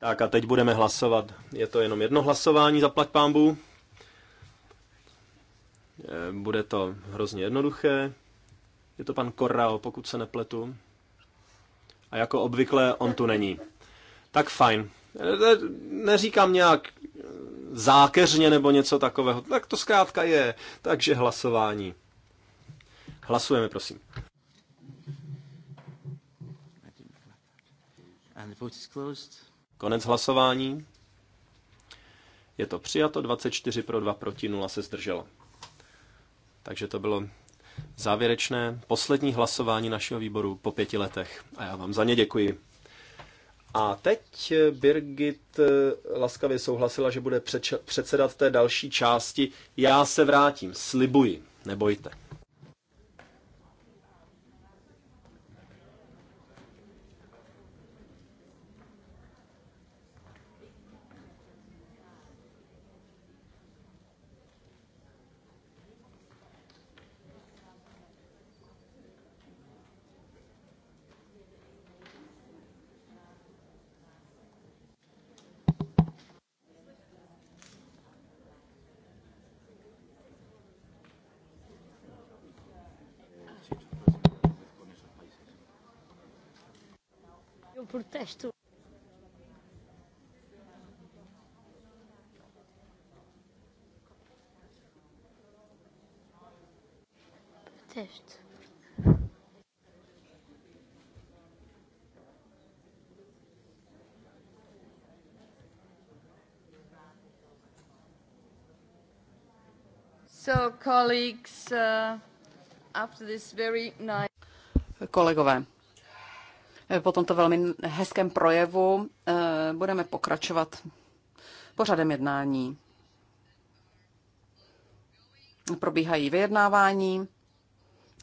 Tak a teď budeme hlasovat. Je to jenom jedno hlasování, zaplať pámbu. Eh, bude to hrozně jednoduché. Je to pan Korrao, pokud se nepletu. A jako obvykle on tu není. Tak fajn. Eh, eh, neříkám nějak zákeřně nebo něco takového. Tak to zkrátka je. Takže hlasování. Hlasujeme, prosím. Konec hlasování. Je to přijato 24 pro 2 proti 0 se zdrželo. Takže to bylo závěrečné poslední hlasování našeho výboru po pěti letech. A já vám za ně děkuji. A teď Birgit eh, laskavě souhlasila, že bude předsedat té další části. Já se vrátím, slibuji, nebojte. Uh, Kolegové, po tomto velmi hezkém projevu uh, budeme pokračovat pořadem jednání. Probíhají vyjednávání.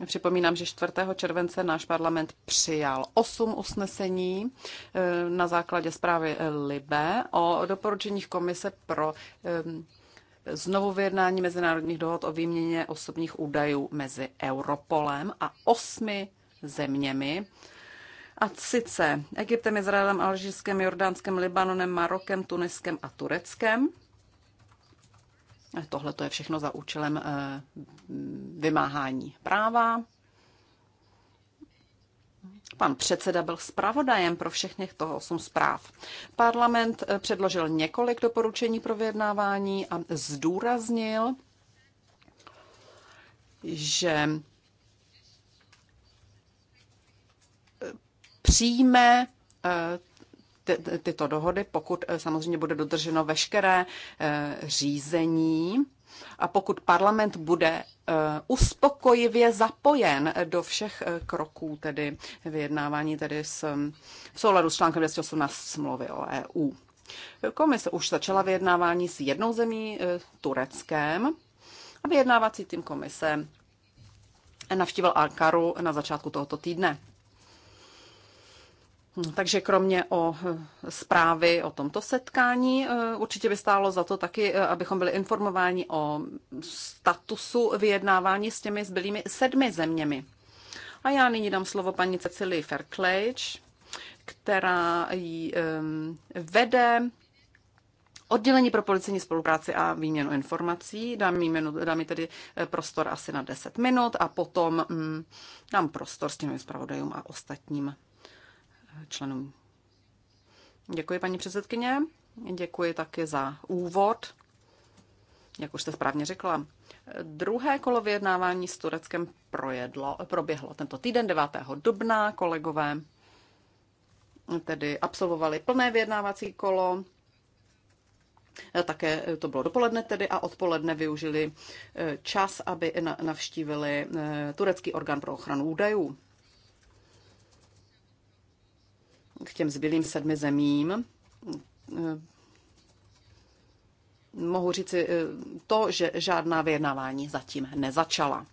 Připomínám, že 4. července náš parlament přijal 8 usnesení uh, na základě zprávy Libe o doporučeních komise pro um, znovu vyjednání mezinárodních dohod o výměně osobních údajů mezi Europolem a osmi zeměmi. A sice Egyptem, Izraelem, Alžírskem, Jordánskem, Libanonem, Marokem, Tuniskem a Tureckem. Tohle to je všechno za účelem eh, vymáhání práva. Pan předseda byl zpravodajem pro všechny toho osm zpráv. Parlament eh, předložil několik doporučení pro vyjednávání a zdůraznil, že eh, přijme eh, ty, tyto dohody, pokud samozřejmě bude dodrženo veškeré řízení a pokud parlament bude eh, uspokojivě zapojen do všech eh, kroků, tedy vyjednávání tedy s, v souladu s článkem 218 smlouvy o EU. Komise už začala vyjednávání s jednou zemí, eh, Tureckem, a vyjednávací tým komise navštívil Ankaru na začátku tohoto týdne. Hm, takže kromě o eh, zprávy o tomto setkání, eh, určitě by stálo za to taky, eh, abychom byli informováni o statusu vyjednávání s těmi zbylými sedmi zeměmi. A já nyní dám slovo paní Cecilii Ferklejč, která ji ehm, vede oddělení pro policijní spolupráci a výměnu informací. Dám jí, minu, dám jí tedy prostor asi na 10 minut a potom mm, dám prostor s těmi zpravodajům a ostatním členům. Děkuji, paní předsedkyně. Děkuji taky za úvod. Jak už jste správně řekla, druhé kolo vyjednávání s Tureckem projedlo, proběhlo tento týden 9. dubna. Kolegové tedy absolvovali plné vyjednávací kolo. Také to bylo dopoledne tedy a odpoledne využili čas, aby navštívili eh, turecký orgán pro ochranu údajů. k těm zbylým sedmi zemím, eh, mohu říci eh, to, že žádná vyjednávání zatím nezačala.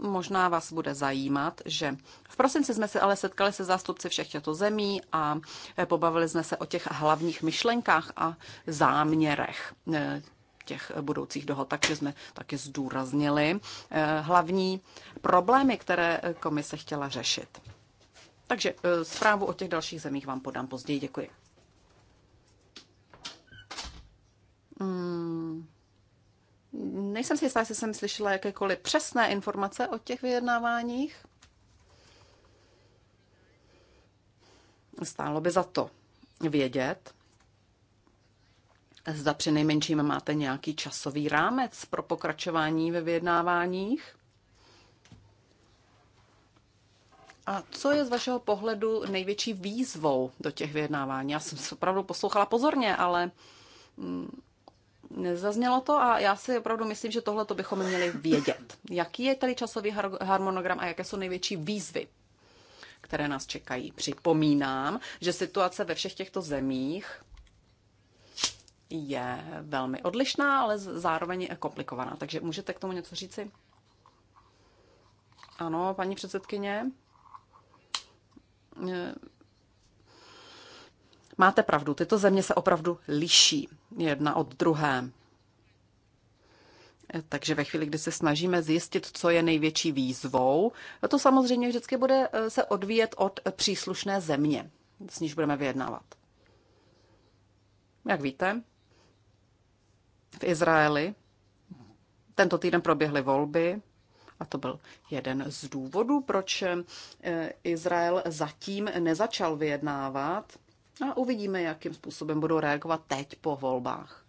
Možná vás bude zajímat, že v prosinci jsme se ale setkali se zástupci všech těchto zemí a eh, pobavili jsme se o těch hlavních myšlenkách a záměrech těch budoucích dohod, takže jsme taky zdůraznili eh, hlavní problémy, které komise chtěla řešit. Takže eh, zprávu o těch dalších zemích vám podám později. Děkuji. Hmm. Nejsem si jistá, jestli jsem slyšela jakékoliv přesné informace o těch vyjednáváních. Stálo by za to vědět. Zda při nejmenším máte nějaký časový rámec pro pokračování ve vyjednáváních? A co je z vašeho pohledu největší výzvou do těch vyjednávání? Já jsem se opravdu poslouchala pozorně, ale mm, nezaznělo to a já si opravdu myslím, že tohle to bychom měli vědět. Jaký je tady časový harmonogram a jaké jsou největší výzvy, které nás čekají? Připomínám, že situace ve všech těchto zemích je velmi odlišná, ale zároveň je komplikovaná. Takže můžete k tomu něco říci? Ano, paní předsedkyně. Eh, máte pravdu, tyto země se opravdu liší jedna od druhé. Eh, takže ve chvíli, kdy se snažíme zjistit, co je největší výzvou, to samozřejmě vždycky bude eh, se odvíjet od příslušné země, s níž budeme vyjednávat. Jak víte, v Izraeli. Tento týden proběhly volby a to byl jeden z důvodů, proč eh, Izrael zatím nezačal vyjednávat. A uvidíme, jakým způsobem budou reagovat teď po volbách.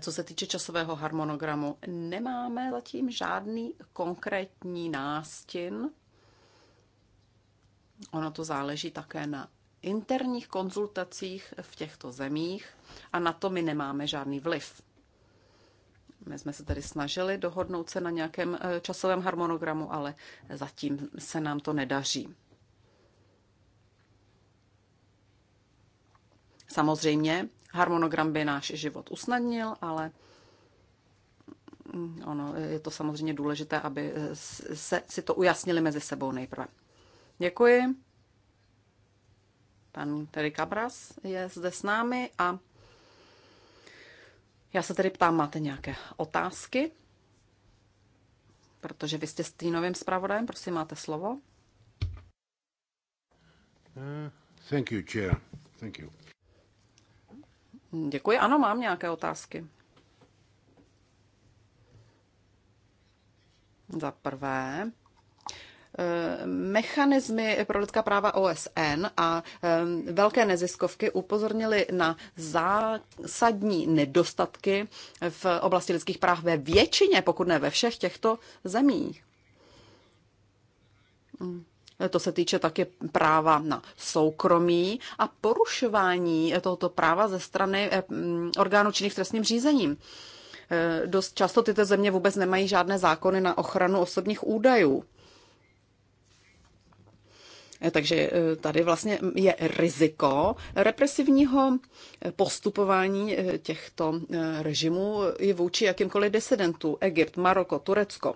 Co se týče časového harmonogramu, nemáme zatím žádný konkrétní nástin. Ono to záleží také na interních konzultacích v těchto zemích a na to my nemáme žádný vliv. My jsme se tedy snažili dohodnout se na nějakém eh, časovém harmonogramu, ale zatím se nám to nedaří. Samozřejmě, harmonogram by náš život usnadnil, ale mm, ono, je to samozřejmě důležité, aby se, si to ujasnili mezi sebou nejprve. Děkuji. Pan tedy Cabras je zde s námi a já se tedy ptám, máte nějaké otázky? Protože vy jste novým zpravodajem, prosím, máte slovo. Uh, thank you, chair. Thank you. Děkuji, ano, mám nějaké otázky. Za prvé, Eh, mechanismy pro lidská práva OSN a eh, velké neziskovky upozornili na zásadní nedostatky v oblasti lidských práv ve většině, pokud ne ve všech těchto zemích. Eh, to se týče také práva na soukromí a porušování tohoto práva ze strany mm, orgánů činných trestním řízením. Dost často tyto země vůbec nemají žádné zákony na ochranu osobních údajů. Eh, takže eh, tady vlastně mm, je riziko represivního eh, postupování těchto režimů i vůči jakýmkoliv disidentů. Egypt, Maroko, Turecko.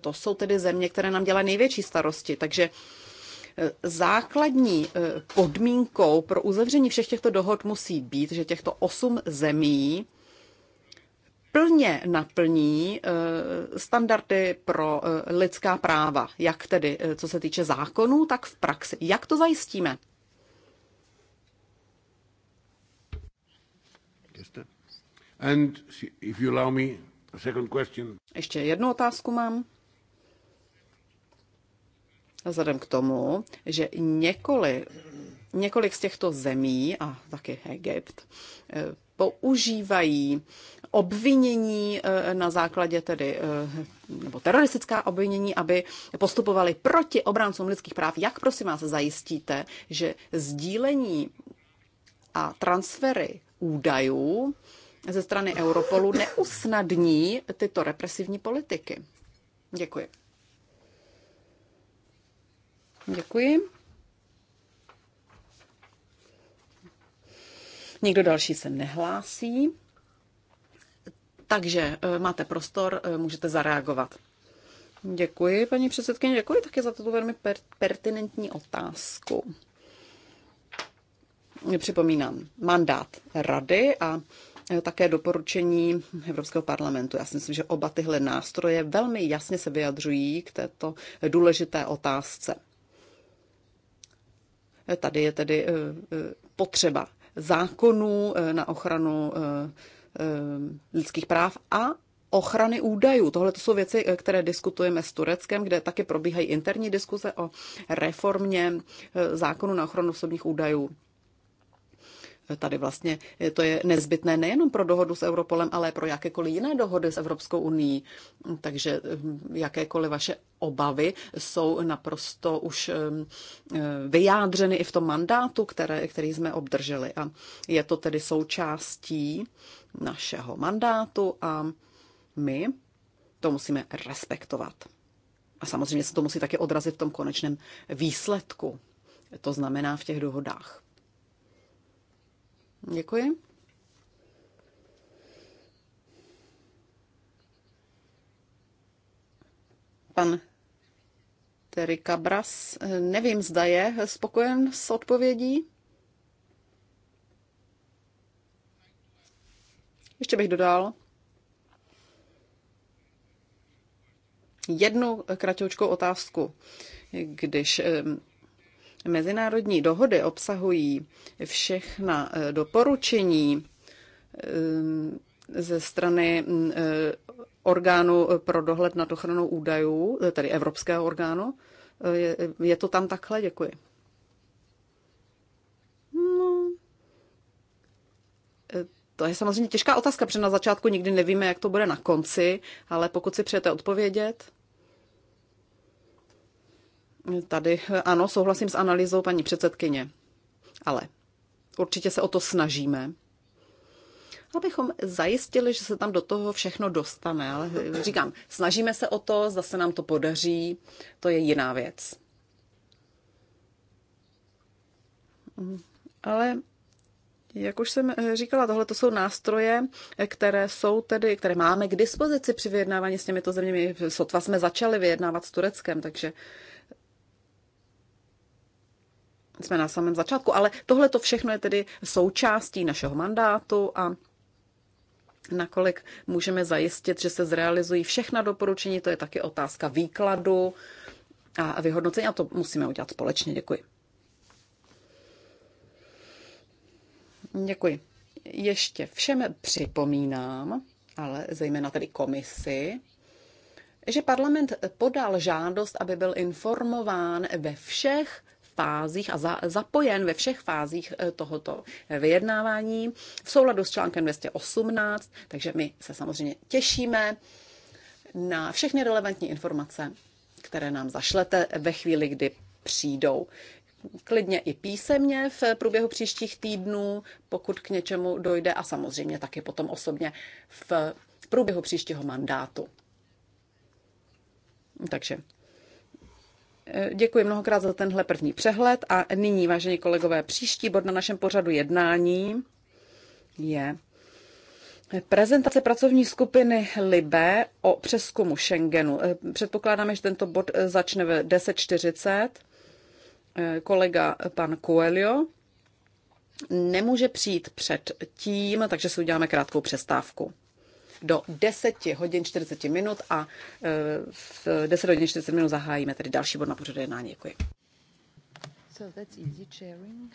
To jsou tedy země, které nám dělají největší starosti. Takže základní podmínkou pro uzavření všech těchto dohod musí být, že těchto osm zemí plně naplní eh, standardy pro eh, lidská práva, jak tedy eh, co se týče zákonů, tak v praxi. Jak to zajistíme? And if you allow me a second question. Ještě jednu otázku mám. Vzhledem k tomu, že několik, několik z těchto zemí a taky Egypt používají obvinění eh, na základě tedy, eh, nebo teroristická obvinění, aby postupovali proti obráncům lidských práv. Jak prosím vás zajistíte, že sdílení a transfery údajů ze strany Europolu neusnadní tyto represivní politiky? Děkuji. Děkuji. Nikdo další se nehlásí. Takže eh, máte prostor, eh, můžete zareagovat. Děkuji, paní předsedkyně, děkuji také za tuto velmi per- pertinentní otázku. Připomínám, mandát rady a eh, také doporučení Evropského parlamentu. Já si myslím, že oba tyhle nástroje velmi jasně se vyjadřují k této důležité otázce. Tady je tedy potřeba zákonů eh, na ochranu eh, eh, lidských práv a ochrany údajů. Tohle to jsou věci, které diskutujeme s Tureckem, kde taky probíhají interní diskuze o reformě zákonu na ochranu osobních údajů tady vlastně to je nezbytné nejenom pro dohodu s Europolem, ale pro jakékoliv jiné dohody s Evropskou uní. Takže hm, jakékoliv vaše obavy jsou naprosto už hm, hm, vyjádřeny i v tom mandátu, které, který jsme obdrželi. A je to tedy součástí našeho mandátu a my to musíme respektovat. A samozřejmě se to musí také odrazit v tom konečném výsledku, to znamená v těch dohodách. Děkuji. Pan Terry Cabras, nevím, zda je spokojen s odpovědí. Ještě bych dodal jednu kratoučkou otázku. Když Mezinárodní dohody obsahují všechna eh, doporučení eh, ze strany eh, orgánu pro dohled nad ochranou údajů, tedy evropského orgánu. Je to tam takhle? Děkuji. No. To je samozřejmě těžká otázka, protože na začátku nikdy nevíme, jak to bude na konci, ale pokud si přejete odpovědět. Tady ano, souhlasím s analýzou paní předsedkyně, ale určitě se o to snažíme, abychom zajistili, že se tam do toho všechno dostane. Ale říkám, snažíme se o to, zase nám to podaří, to je jiná věc. Ale jak už jsem říkala, tohle to jsou nástroje, které jsou tedy, které máme k dispozici při vyjednávání s těmito zeměmi. Sotva jsme začali vyjednávat s Tureckem, takže jsme na samém začátku, ale tohle to všechno je tedy součástí našeho mandátu a nakolik můžeme zajistit, že se zrealizují všechna doporučení, to je taky otázka výkladu a vyhodnocení a to musíme udělat společně. Děkuji. Děkuji. Ještě všem připomínám, ale zejména tedy komisi, že parlament podal žádost, aby byl informován ve všech fázích a za, zapojen ve všech fázích eh, tohoto eh, vyjednávání v souladu s článkem 218, takže my se samozřejmě těšíme na všechny relevantní informace, které nám zašlete ve chvíli, kdy přijdou. Klidně i písemně v průběhu příštích týdnů, pokud k něčemu dojde, a samozřejmě taky potom osobně v průběhu příštího mandátu. Takže Děkuji mnohokrát za tenhle první přehled a nyní, vážení kolegové, příští bod na našem pořadu jednání je Prezentace pracovní skupiny Libe o přeskumu Schengenu. Eh, předpokládáme, že tento bod eh, začne ve 10.40. Eh, kolega pan Coelho nemůže přijít před tím, takže si uděláme krátkou přestávku do 10 hodin 40 minut a e, v 10 hodin 40 minut zahájíme tedy další bod na pořadu jednání. Děkuji. So that's easy sharing.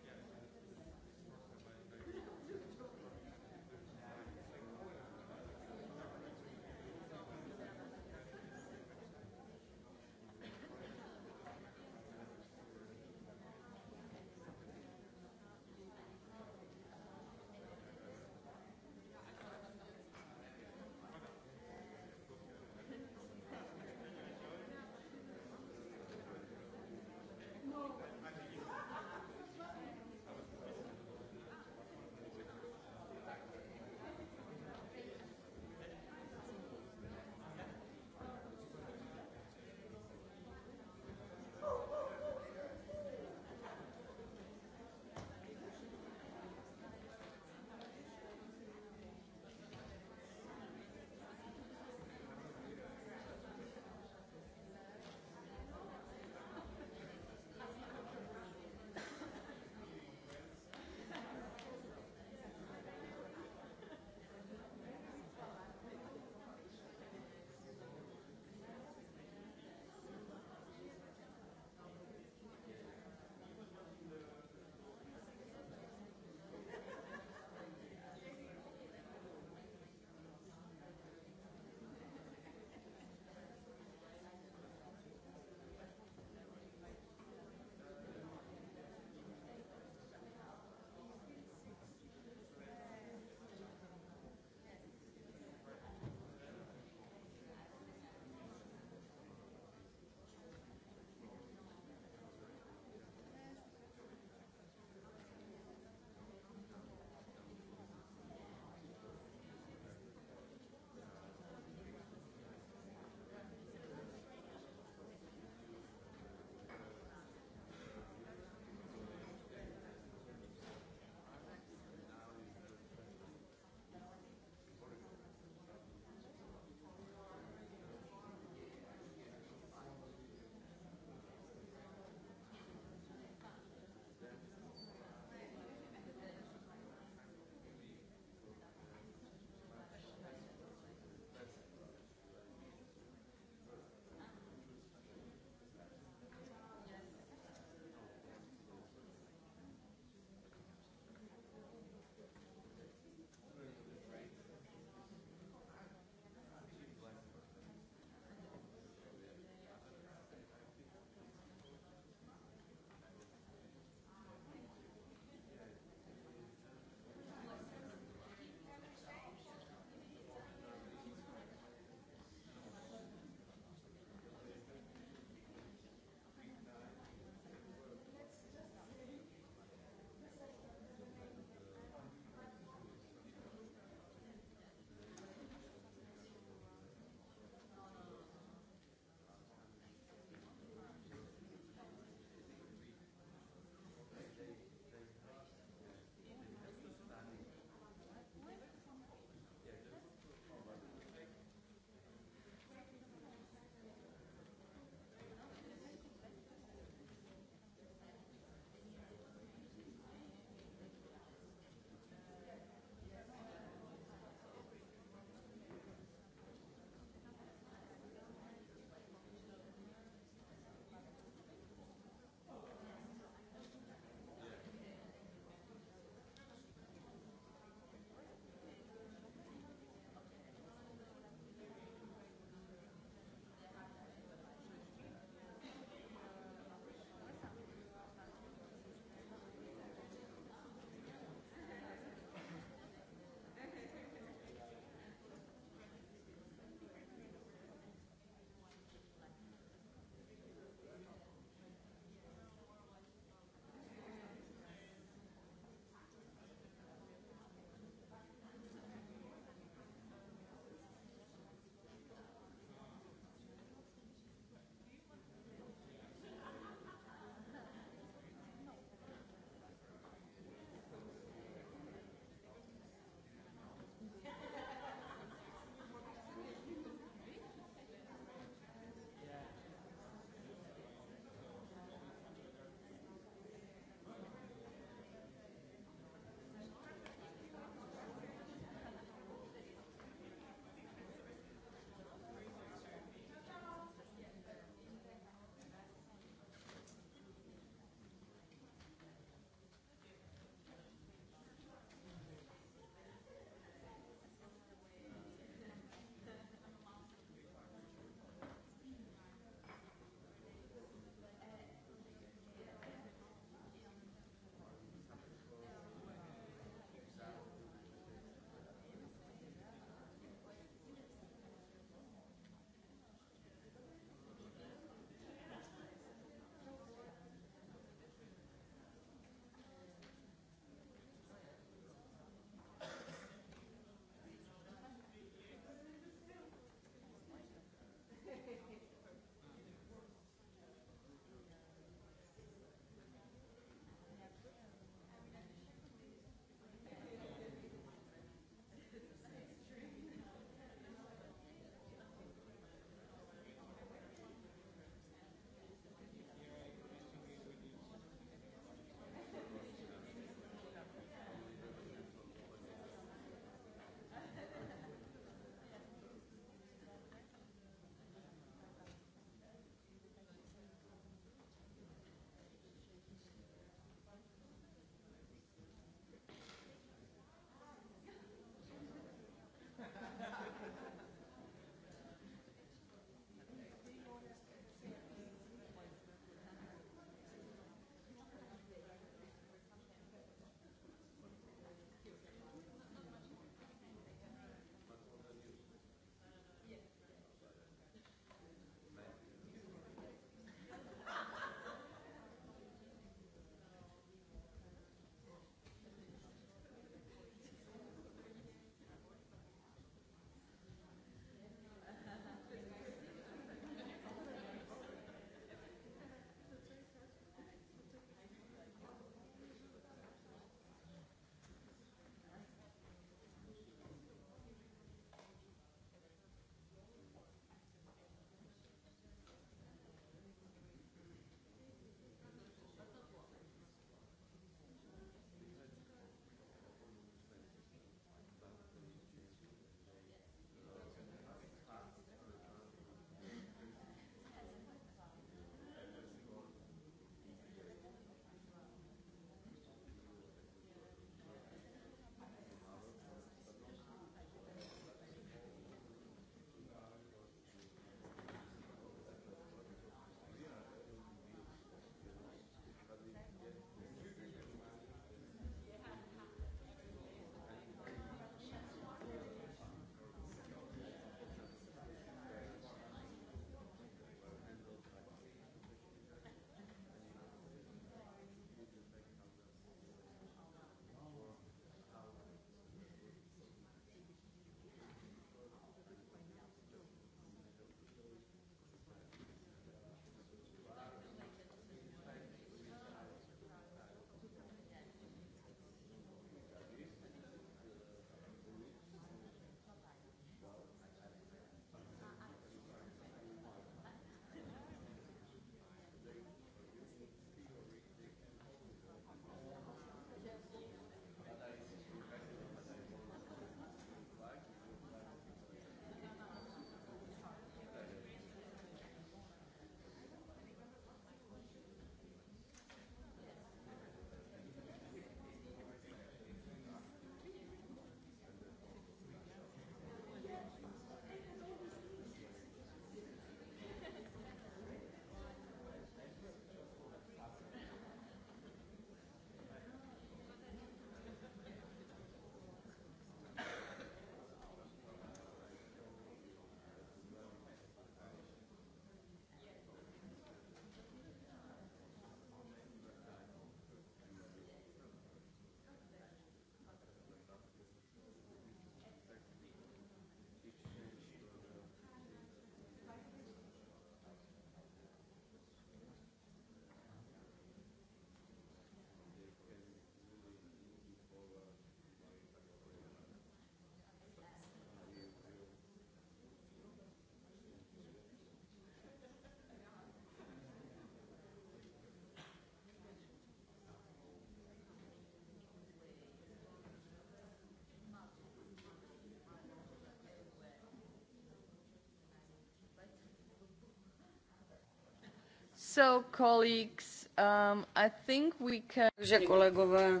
So, colleagues, um, I think we can... Takže kolegové,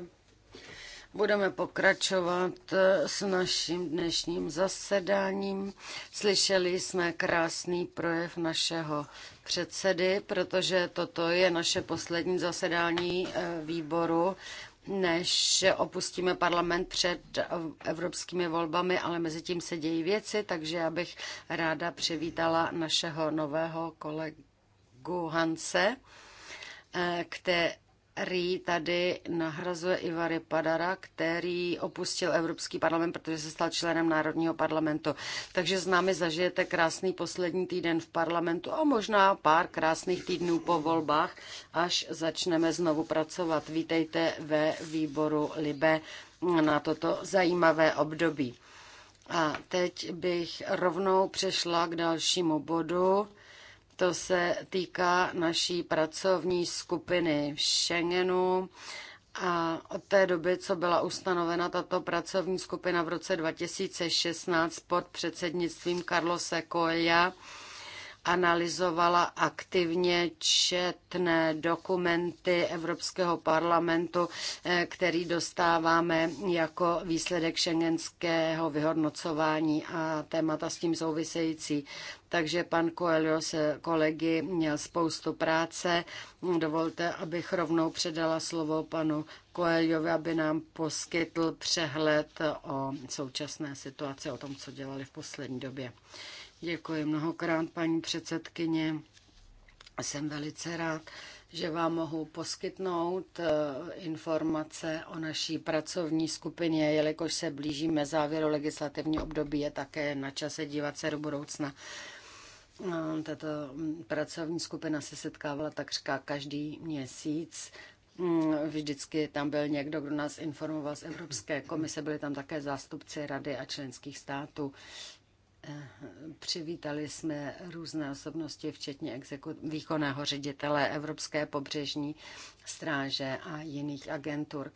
budeme pokračovat eh, s naším dnešním zasedáním. Slyšeli jsme krásný projev našeho předsedy, protože toto je naše poslední zasedání eh, výboru než opustíme parlament před eh, evropskými volbami, ale mezi tím se dějí věci, takže já bych ráda přivítala našeho nového kolegu Guhance, eh, který tady nahrazuje Ivary Padara, který opustil Evropský parlament, protože se stal členem Národního parlamentu. Takže s námi zažijete krásný poslední týden v parlamentu a možná pár krásných týdnů po volbách, až začneme znovu pracovat. Vítejte ve výboru Libe na toto zajímavé období. A teď bych rovnou přešla k dalšímu bodu to se týká naší pracovní skupiny v Schengenu. A od té doby, co byla ustanovena tato pracovní skupina v roce 2016 pod předsednictvím Carlose Coelha, analyzovala aktivně četné dokumenty Evropského parlamentu, eh, který dostáváme jako výsledek šengenského vyhodnocování a témata s tím související. Takže pan Coelho se kolegy měl spoustu práce. Dovolte, abych rovnou předala slovo panu Coelhovi, aby nám poskytl přehled o současné situaci, o tom, co dělali v poslední době. Děkuji mnohokrát, paní předsedkyně. Jsem velice rád, že vám mohu poskytnout eh, informace o naší pracovní skupině, jelikož se blížíme závěru legislativního období, je také na čase dívat se do budoucna. Eh, tato mm, pracovní skupina se setkávala takřka každý měsíc. Mm, vždycky tam byl někdo, kdo nás informoval z Evropské komise, byli tam také zástupci rady a členských států. Přivítali jsme různé osobnosti, včetně exekut- výkonného ředitele Evropské pobřežní stráže a jiných agentur.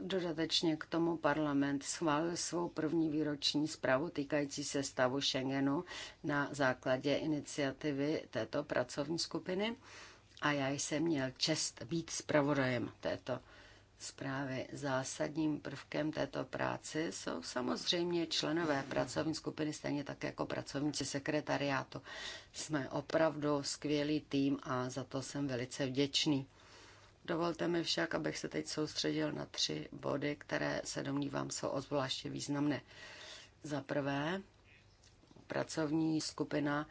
Dodatečně k tomu parlament schválil svou první výroční zprávu týkající se stavu Schengenu na základě iniciativy této pracovní skupiny a já jsem měl čest být zpravodajem této zprávy. Zásadním prvkem této práce jsou samozřejmě členové pracovní skupiny, stejně tak jako pracovníci sekretariátu. Jsme opravdu skvělý tým a za to jsem velice vděčný. Dovolte mi však, abych se teď soustředil na tři body, které se domnívám jsou ozvláště významné. Za prvé, pracovní skupina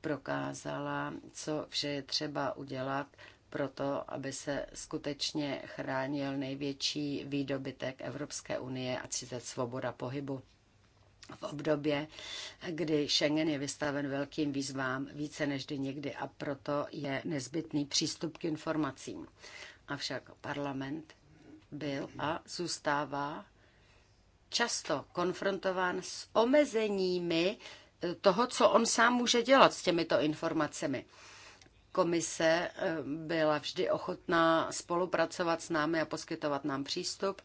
prokázala, co vše je třeba udělat proto, aby se skutečně chránil největší výdobytek Evropské unie a cizet svoboda pohybu. V období, kdy Schengen je vystaven velkým výzvám více než kdy někdy a proto je nezbytný přístup k informacím. Avšak parlament byl a zůstává často konfrontován s omezeními toho, co on sám může dělat s těmito informacemi. Komise eh, byla vždy ochotná spolupracovat s námi a poskytovat nám přístup.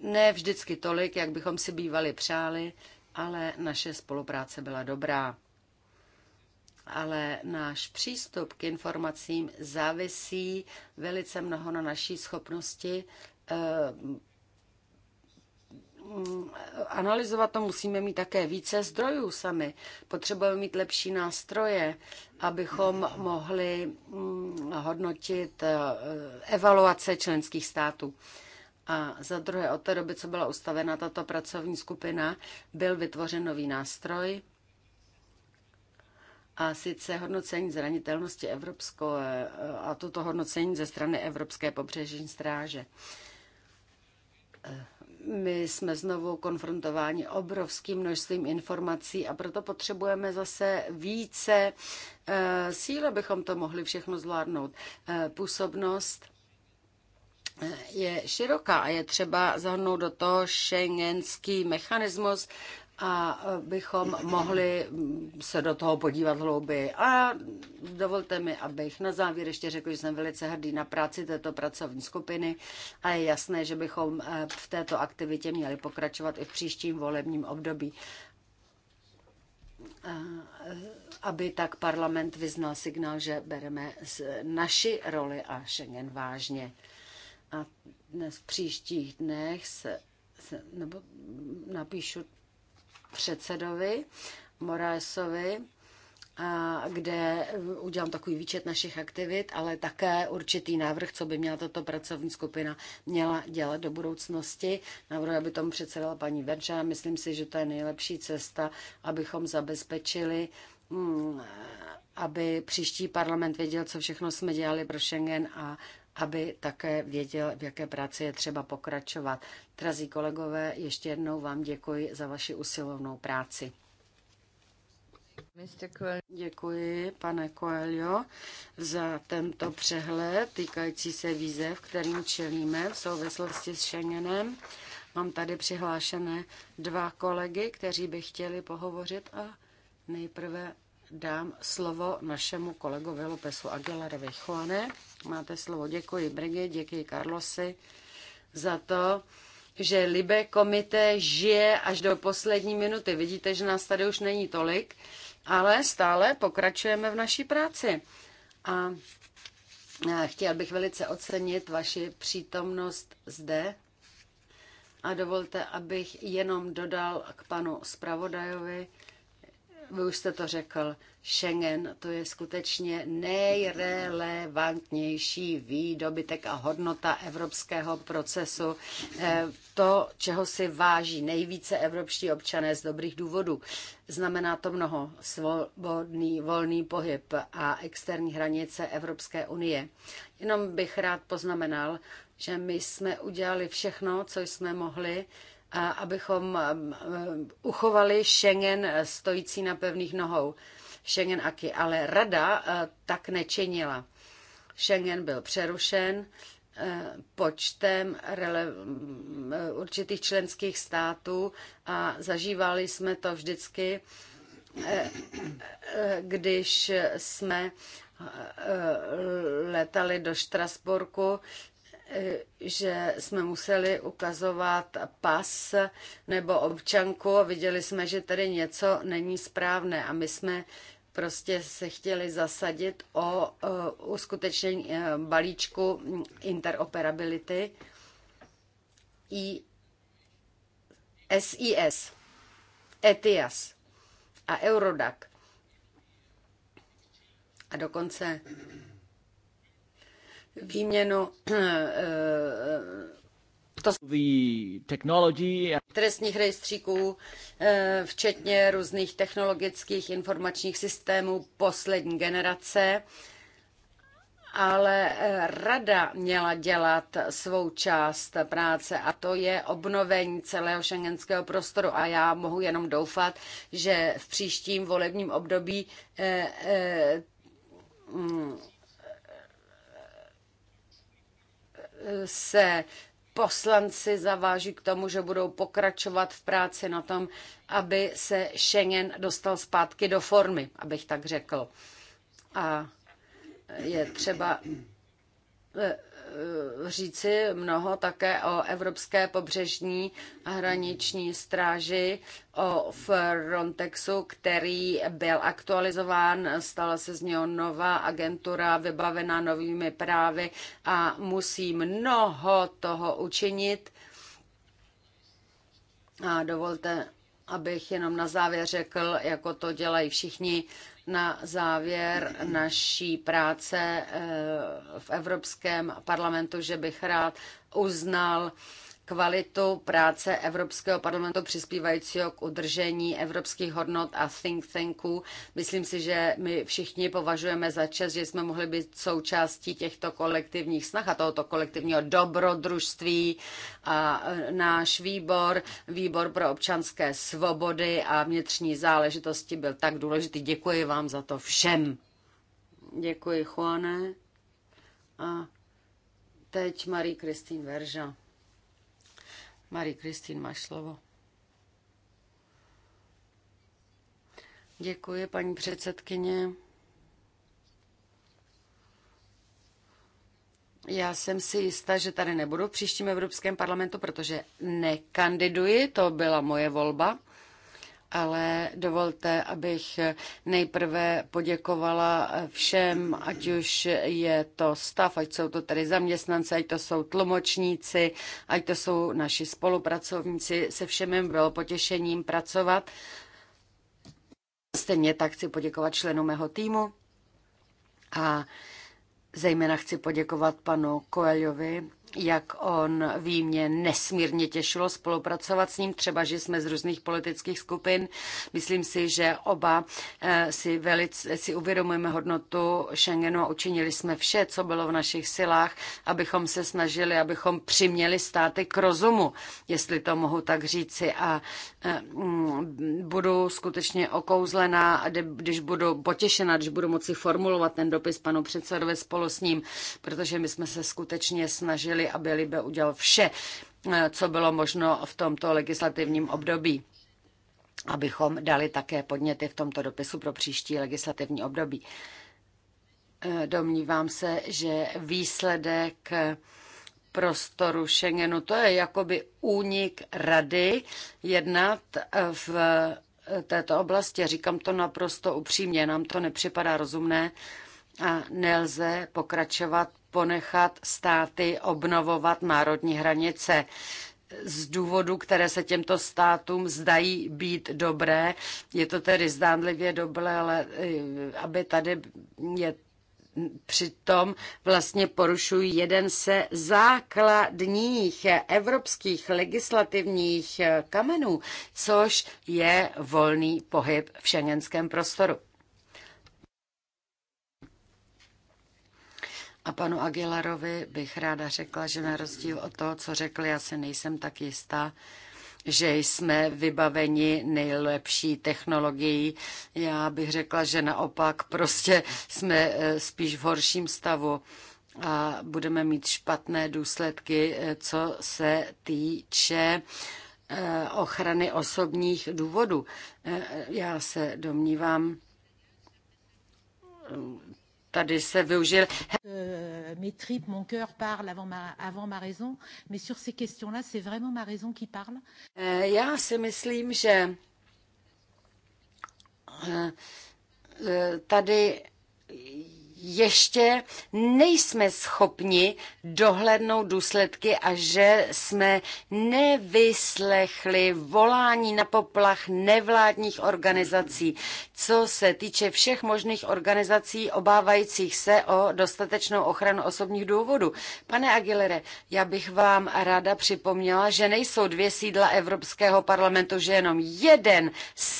Ne vždycky tolik, jak bychom si bývali přáli, ale naše spolupráce byla dobrá. Ale náš přístup k informacím závisí velice mnoho na naší schopnosti eh, analyzovat to musíme mít také více zdrojů sami. Potřebujeme mít lepší nástroje, abychom mohli mm, hodnotit eh, evaluace členských států. A za druhé, od té doby, co byla ustavena tato pracovní skupina, byl vytvořen nový nástroj, a sice hodnocení zranitelnosti Evropskou eh, a toto hodnocení ze strany Evropské pobřežní stráže. Eh, my jsme znovu konfrontováni obrovským množstvím informací a proto potřebujeme zase více eh, síl, abychom to mohli všechno zvládnout. Eh, působnost eh, je široká a je třeba zahrnout do toho šengenský mechanismus a e, bychom mohli mm, se do toho podívat hlouběji. A dovolte mi, abych na závěr ještě řekl, že jsem velice hrdý na práci této pracovní skupiny a je jasné, že bychom e, v této aktivitě měli pokračovat i v příštím volebním období e, aby tak parlament vyznal signál, že bereme naši roli a Schengen vážně. A dnes v příštích dnech se, se nebo napíšu předsedovi Moraesovi, kde udělám takový výčet našich aktivit, ale také určitý návrh, co by měla tato pracovní skupina měla dělat do budoucnosti. Navrhuji, aby tomu předsedala paní Verža. Myslím si, že to je nejlepší cesta, abychom zabezpečili mm, aby příští parlament věděl, co všechno jsme dělali pro Schengen a aby také věděl, v jaké práci je třeba pokračovat. Drazí kolegové, ještě jednou vám děkuji za vaši usilovnou práci. Děkuji, pane Coelho, za tento přehled týkající se výzev, kterým čelíme v souvislosti s Schengenem. Mám tady přihlášené dva kolegy, kteří by chtěli pohovořit a nejprve dám slovo našemu kolegovi Lopesu Aguilarovi Juane. Máte slovo. Děkuji Brigy, děkuji Carlosi za to, že Libe komité žije až do poslední minuty. Vidíte, že nás tady už není tolik, ale stále pokračujeme v naší práci. A chtěl bych velice ocenit vaši přítomnost zde. A dovolte, abych jenom dodal k panu zpravodajovi, vy už jste to řekl, Schengen, to je skutečně nejrelevantnější výdobytek a hodnota evropského procesu. Eh, to, čeho si váží nejvíce evropští občané z dobrých důvodů. Znamená to mnoho. Svobodný, volný pohyb a externí hranice Evropské unie. Jenom bych rád poznamenal, že my jsme udělali všechno, co jsme mohli, abychom um, um, uchovali Schengen eh, stojící na pevných nohou. Schengen aky, ale rada eh, tak nečinila. Schengen byl přerušen eh, počtem mm, určitých členských států a zažívali jsme to vždycky, když jsme letali do Štrasburku, že jsme museli ukazovat pas nebo občanku a viděli jsme, že tady něco není správné a my jsme prostě se chtěli zasadit o uskutečnění e, balíčku interoperability i SIS, ETIAS a Eurodac. A dokonce výměnu eh, eh, trestních rejstříků, eh, včetně různých technologických informačních systémů poslední generace ale rada měla dělat svou část práce a to je obnovení celého šengenského prostoru a já mohu jenom doufat, že v příštím volebním období eh, eh, mm, se poslanci zaváží k tomu, že budou pokračovat v práci na tom, aby se Schengen dostal zpátky do formy, abych tak řekl. A je třeba eh, Eh, říci mnoho také o Evropské pobřežní a hraniční stráži, o Frontexu, který byl aktualizován, stala se z něho nová agentura vybavená novými právy a musí mnoho toho učinit. A dovolte, abych jenom na závěr řekl, jako to dělají všichni, na závěr naší práce eh, v Evropském parlamentu, že bych rád uznal kvalitu práce Evropského parlamentu přispívajícího k udržení evropských hodnot a think tanků. Myslím si, že my všichni považujeme za čest, že jsme mohli být součástí těchto kolektivních snah a tohoto kolektivního dobrodružství a e, náš výbor, výbor pro občanské svobody a vnitřní záležitosti byl tak důležitý. Děkuji vám za to všem. Děkuji, Juane. A teď Marie-Christine Verža. Marie Kristýn, máš slovo. Děkuji, paní předsedkyně. Já jsem si jistá, že tady nebudu v příštím Evropském parlamentu, protože nekandiduji, to byla moje volba ale dovolte, abych nejprve poděkovala všem, ať už je to stav, ať jsou to tedy zaměstnanci, ať to jsou tlumočníci, ať to jsou naši spolupracovníci, se všemi bylo potěšením pracovat. Stejně tak chci poděkovat členům mého týmu a zejména chci poděkovat panu Koeljovi jak on ví, mě nesmírně těšilo spolupracovat s ním, třeba, že jsme z různých politických skupin. Myslím si, že oba eh, si, velice, si uvědomujeme hodnotu Schengenu a učinili jsme vše, co bylo v našich silách, abychom se snažili, abychom přiměli státy k rozumu, jestli to mohu tak říci. A eh, mm, budu skutečně okouzlená, když budu potěšena, když budu moci formulovat ten dopis panu předsedovi spolu s ním, protože my jsme se skutečně snažili navrhli, aby Libe udělal vše, eh, co bylo možno v tomto legislativním období abychom dali také podněty v tomto dopisu pro příští legislativní období. Eh, domnívám se, že výsledek prostoru Schengenu, to je jakoby únik rady jednat eh, v této oblasti. Říkám to naprosto upřímně, nám to nepřipadá rozumné a nelze pokračovat ponechat státy obnovovat národní hranice z důvodu, které se těmto státům zdají být dobré. Je to tedy zdánlivě dobré, ale eh, aby tady je přitom vlastně porušují jeden se základních evropských legislativních eh, kamenů, což je volný pohyb v šengenském prostoru. A panu Aguilarovi bych ráda řekla, že na rozdíl od toho, co řekl, já se nejsem tak jistá, že jsme vybaveni nejlepší technologií. Já bych řekla, že naopak prostě jsme eh, spíš v horším stavu a budeme mít špatné důsledky, eh, co se týče eh, ochrany osobních důvodů. Já se domnívám, tady se využil. Euh, mes tripes, mon cœur parle avant ma, avant ma raison, mais sur ces questions-là, c'est vraiment ma raison qui parle. Eh, já si myslím, že eh, eh, tady ještě nejsme schopni dohlednout důsledky a že jsme nevyslechli volání na poplach nevládních organizací, co se týče všech možných organizací obávajících se o dostatečnou ochranu osobních důvodů. Pane Aguilere, já bych vám ráda připomněla, že nejsou dvě sídla Evropského parlamentu, že jenom jeden,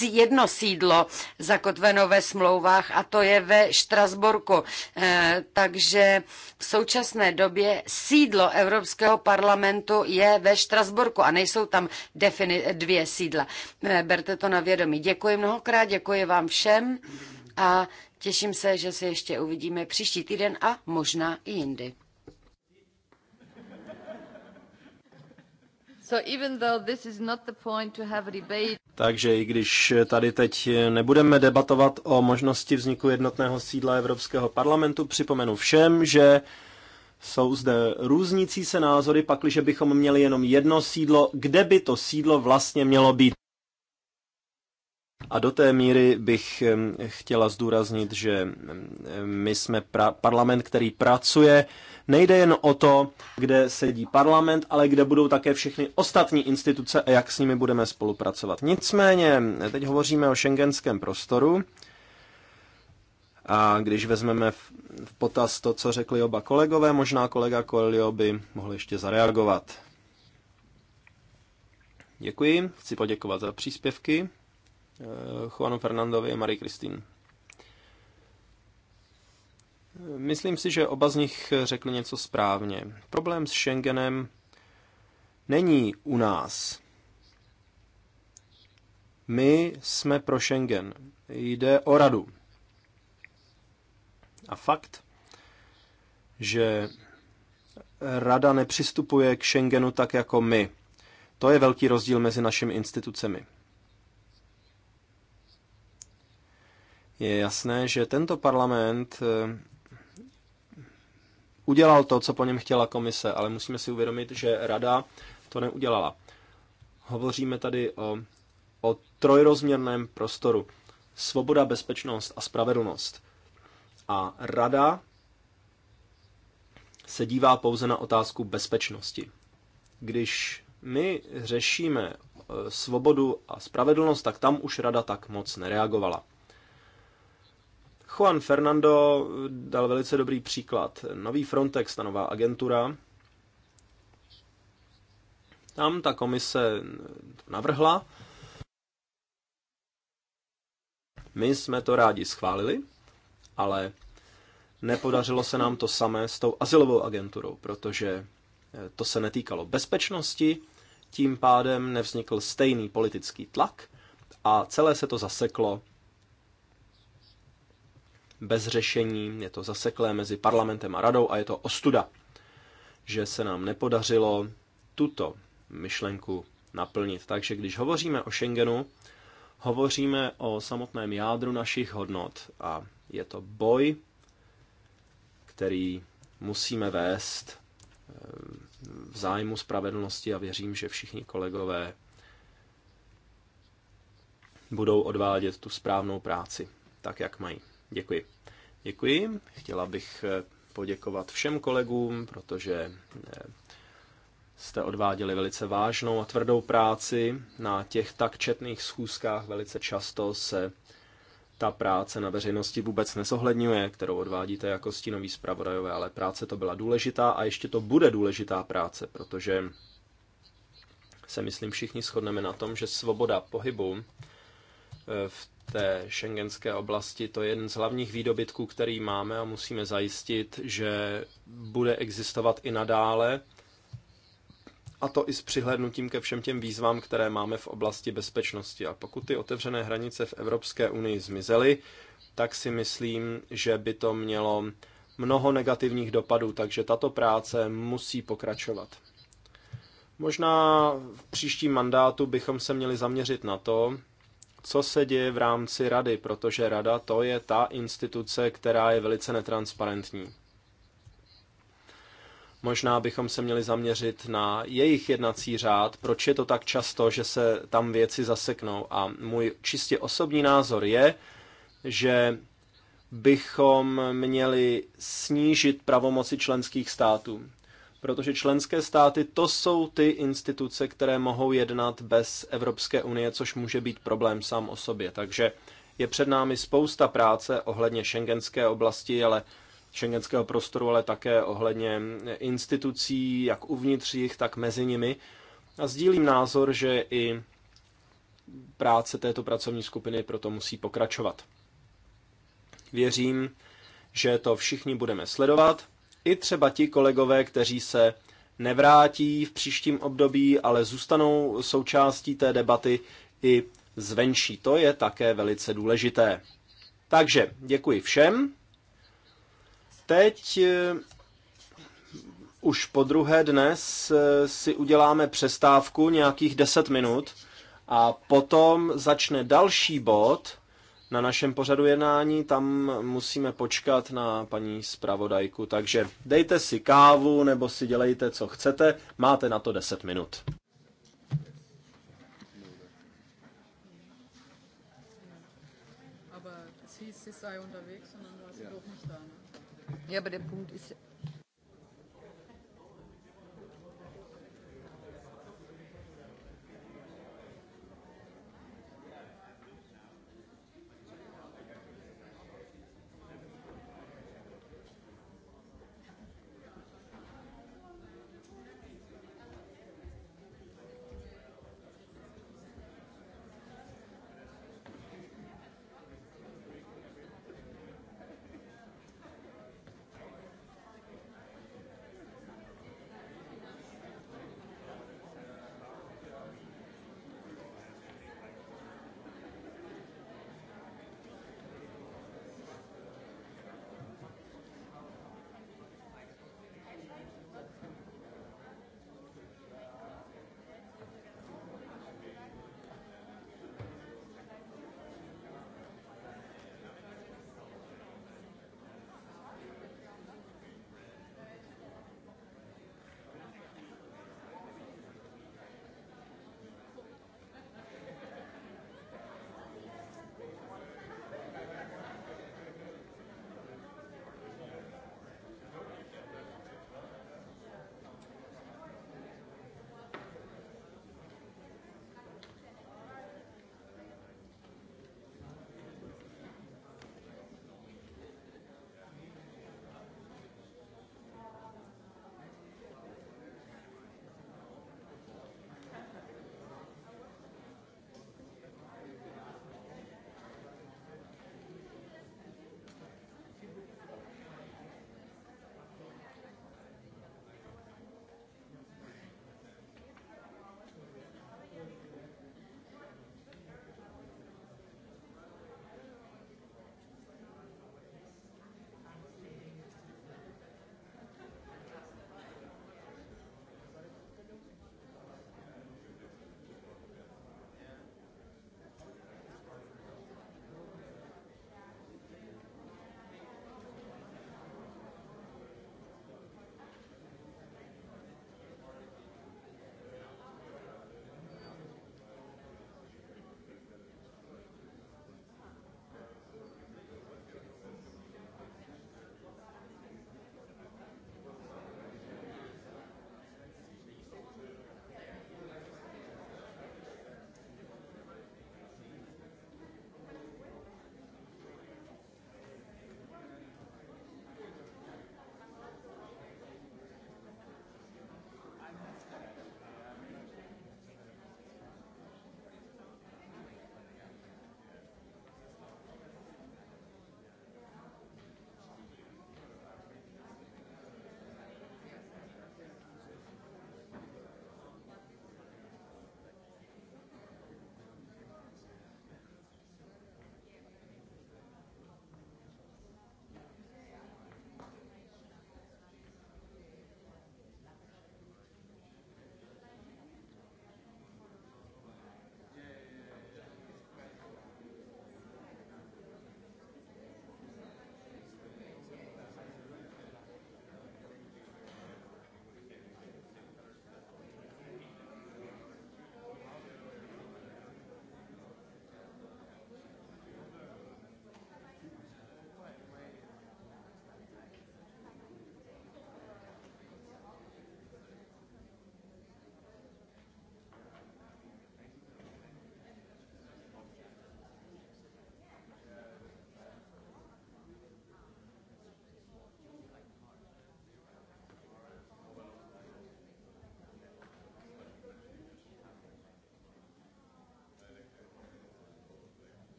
jedno sídlo zakotveno ve smlouvách a to je ve Štrasburku. E, Takže v současné době sídlo Evropského parlamentu je ve Štrasburku a nejsou tam dvě sídla. Eh, berte to na vědomí. Děkuji mnohokrát, děkuji vám všem a těším se, že se ještě uvidíme příští týden a možná i jindy. Takže i když tady teď nebudeme debatovat o možnosti vzniku jednotného sídla Evropského parlamentu, připomenu všem, že jsou zde různící se názory, pakliže bychom měli jenom jedno sídlo, kde by to sídlo vlastně mělo být. A do té míry bych chtěla zdůraznit, že my jsme pra- parlament, který pracuje. Nejde jen o to, kde sedí parlament, ale kde budou také všechny ostatní instituce a jak s nimi budeme spolupracovat. Nicméně, teď hovoříme o šengenském prostoru. A když vezmeme v, v potaz to, co řekli oba kolegové, možná kolega Coelho by mohl ještě zareagovat. Děkuji, chci poděkovat za příspěvky. Eh, Juanu Fernandovi a Marie Kristín. Myslím si, že oba z nich řekli něco správně. Problém s Schengenem není u nás. My jsme pro Schengen. Jde o radu. A fakt, že rada nepřistupuje k Schengenu tak jako my. To je velký rozdíl mezi našimi institucemi. je jasné, že tento parlament eh, udělal to, co po něm chtěla komise, ale musíme si uvědomit, že rada to neudělala. Hovoříme tady o, o trojrozměrném prostoru. Svoboda, bezpečnost a spravedlnost. A rada se dívá pouze na otázku bezpečnosti. Když my řešíme eh, svobodu a spravedlnost, tak tam už rada tak moc nereagovala. Juan Fernando dal velice dobrý příklad. Nový Frontex, ta nová agentura, tam ta komise navrhla. My jsme to rádi schválili, ale nepodařilo se nám to samé s tou asilovou agenturou, protože eh, to se netýkalo bezpečnosti, tím pádem nevznikl stejný politický tlak a celé se to zaseklo bez řešení, je to zaseklé mezi parlamentem a radou a je to ostuda, že se nám nepodařilo tuto myšlenku naplnit. Takže když hovoříme o Schengenu, hovoříme o samotném jádru našich hodnot a je to boj, který musíme vést eh, v zájmu spravedlnosti a věřím, že všichni kolegové budou odvádět tu správnou práci, tak jak mají. Děkuji. Děkuji. Chtěla bych eh, poděkovat všem kolegům, protože eh, jste odváděli velice vážnou a tvrdou práci. Na těch tak četných schůzkách velice často se ta práce na veřejnosti vůbec nesohledňuje, kterou odvádíte jako stínový zpravodajové, ale práce to byla důležitá a ještě to bude důležitá práce, protože se myslím všichni shodneme na tom, že svoboda pohybu eh, v té šengenské oblasti. To je jeden z hlavních výdobytků, který máme a musíme zajistit, že bude existovat i nadále. A to i s přihlednutím ke všem těm výzvám, které máme v oblasti bezpečnosti. A pokud ty otevřené hranice v Evropské unii zmizely, tak si myslím, že by to mělo mnoho negativních dopadů, takže tato práce musí pokračovat. Možná v příštím mandátu bychom se měli zaměřit na to, co se děje v rámci rady, protože rada to je ta instituce, která je velice netransparentní. Možná bychom se měli zaměřit na jejich jednací řád, proč je to tak často, že se tam věci zaseknou. A můj čistě osobní názor je, že bychom měli snížit pravomoci členských států protože členské státy to jsou ty instituce, které mohou jednat bez Evropské unie, což může být problém sám o sobě. Takže je před námi spousta práce ohledně šengenské oblasti, ale šengenského prostoru, ale také ohledně institucí, jak uvnitř jich, tak mezi nimi. A sdílím názor, že i práce této pracovní skupiny proto musí pokračovat. Věřím, že to všichni budeme sledovat i třeba ti kolegové, kteří se nevrátí v příštím období, ale zůstanou součástí té debaty i zvenší. To je také velice důležité. Takže děkuji všem. Teď eh, už po druhé dnes eh, si uděláme přestávku nějakých 10 minut a potom začne další bod – na našem pořadu jednání, tam musíme počkat na paní zpravodajku, takže dejte si kávu nebo si dělejte, co chcete, máte na to 10 minut. Ja, aber der Punkt ist,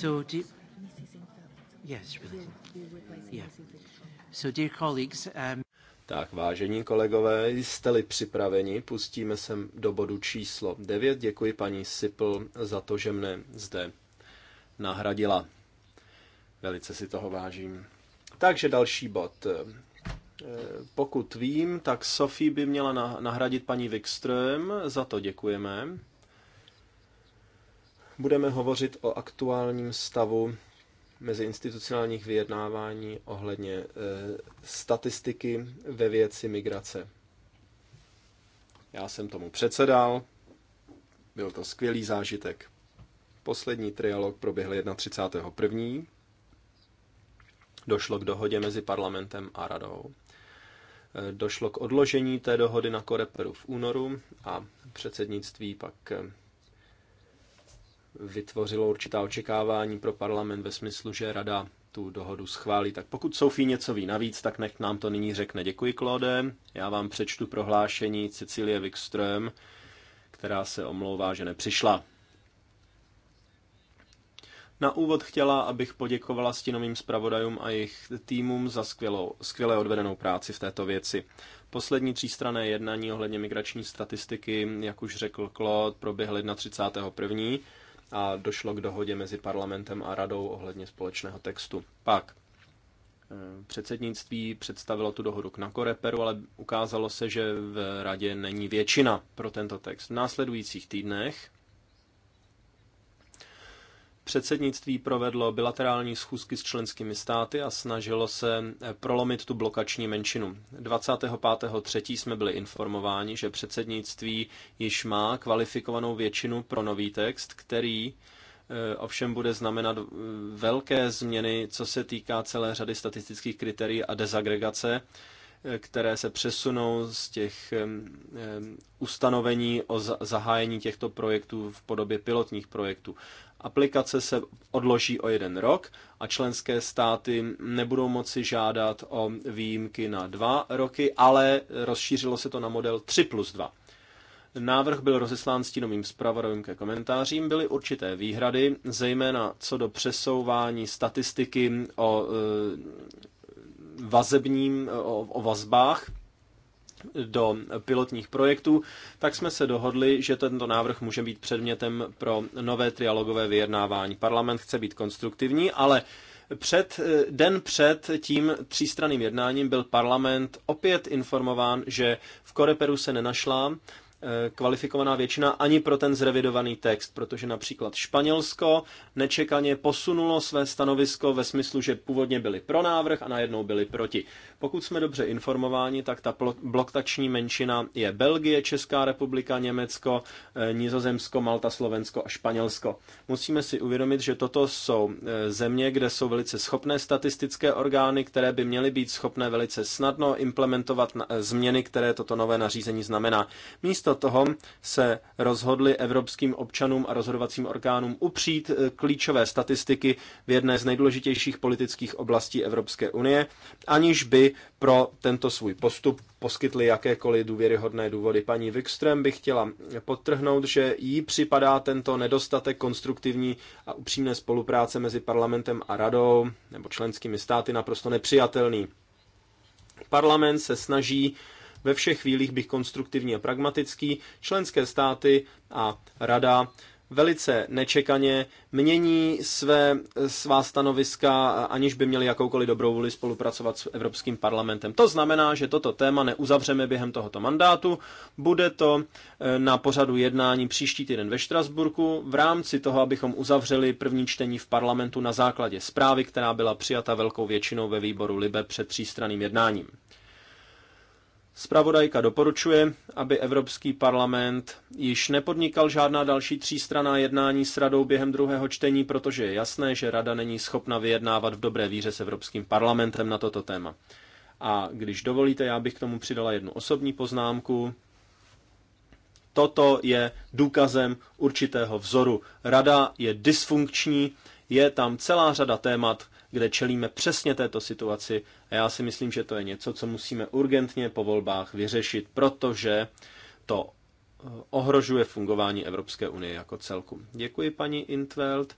So, do, yes, yeah. so dear colleagues, um... Tak, vážení kolegové, jste-li připraveni, pustíme se do bodu číslo 9. Děkuji paní Sipl za to, že mne zde nahradila. Velice si toho vážím. Takže další bod. Eh, pokud vím, tak Sophie by měla nahradit paní Wikström, za to děkujeme budeme hovořit o aktuálním stavu mezi institucionálních vyjednávání ohledně e, statistiky ve věci migrace. Já jsem tomu předsedal, byl to skvělý zážitek. Poslední trialog proběhl 31.1. Došlo k dohodě mezi parlamentem a radou. Eh, došlo k odložení té dohody na Koreperu v únoru a předsednictví pak eh, vytvořilo určitá očekávání pro parlament ve smyslu, že rada tu dohodu schválí. Tak pokud Sofí něco ví navíc, tak nech nám to nyní řekne. Děkuji, Klode. Já vám přečtu prohlášení Cecilie Wikström, která se omlouvá, že nepřišla. Na úvod chtěla, abych poděkovala stinovým zpravodajům a jejich týmům za skvělou, skvěle odvedenou práci v této věci. Poslední třístrané jednání ohledně migrační statistiky, jak už řekl Claude, proběhly na 31 a došlo k dohodě mezi parlamentem a radou ohledně společného textu. Pak eh, předsednictví představilo tu dohodu k Nakoreperu, ale ukázalo se, že v radě není většina pro tento text. V následujících týdnech Předsednictví provedlo bilaterální schůzky s členskými státy a snažilo se eh, prolomit tu blokační menšinu. 25.3. jsme byli informováni, že předsednictví již má kvalifikovanou většinu pro nový text, který eh, ovšem bude znamenat eh, velké změny, co se týká celé řady statistických kritérií a dezagregace, které se přesunou z těch ustanovení o zahájení těchto projektů v podobě pilotních projektů. Aplikace se odloží o jeden rok a členské státy nebudou moci žádat o výjimky na dva roky, ale rozšířilo se to na model 3 plus 2. Návrh byl rozeslán stínovým zpravodajům ke komentářím, byly určité výhrady, zejména co do přesouvání statistiky o e, vazebním, o, o vazbách do pilotních projektů, tak jsme se dohodli, že tento návrh může být předmětem pro nové trialogové vyjednávání. Parlament chce být konstruktivní, ale před, den před tím třístranným jednáním byl parlament opět informován, že v Koreperu se nenašla Eh, kvalifikovaná většina ani pro ten zrevidovaný text, protože například Španělsko nečekaně posunulo své stanovisko ve smyslu, že původně byli pro návrh a najednou byli proti. Pokud jsme dobře informováni, tak ta bloktační menšina je Belgie, Česká republika, Německo, eh, Nizozemsko, Malta, Slovensko a Španělsko. Musíme si uvědomit, že toto jsou eh, země, kde jsou velice schopné statistické orgány, které by měly být schopné velice snadno implementovat změny, které toto nové nařízení znamená. Místo Místo toho se rozhodli evropským občanům a rozhodovacím orgánům upřít eh, klíčové statistiky v jedné z nejdůležitějších politických oblastí Evropské unie, aniž by pro tento svůj postup poskytli jakékoliv důvěryhodné důvody. Paní Wikström by chtěla podtrhnout, že jí připadá tento nedostatek konstruktivní a upřímné spolupráce mezi parlamentem a radou nebo členskými státy naprosto nepřijatelný. Parlament se snaží ve všech chvílích bych konstruktivní a pragmatický. Členské státy a rada velice nečekaně mění své, svá stanoviska, aniž by měli jakoukoliv dobrou vůli spolupracovat s Evropským parlamentem. To znamená, že toto téma neuzavřeme během tohoto mandátu. Bude to eh, na pořadu jednání příští týden ve Štrasburku v rámci toho, abychom uzavřeli první čtení v parlamentu na základě zprávy, která byla přijata velkou většinou ve výboru Libe před třístraným jednáním. Spravodajka doporučuje, aby Evropský parlament již nepodnikal žádná další třístraná jednání s radou během druhého čtení, protože je jasné, že rada není schopna vyjednávat v dobré víře s Evropským parlamentem na toto téma. A když dovolíte, já bych k tomu přidala jednu osobní poznámku. Toto je důkazem určitého vzoru. Rada je dysfunkční, je tam celá řada témat, kde čelíme přesně této situaci a já si myslím, že to je něco, co musíme urgentně po volbách vyřešit, protože to eh, ohrožuje fungování Evropské unie jako celku. Děkuji paní Intveld,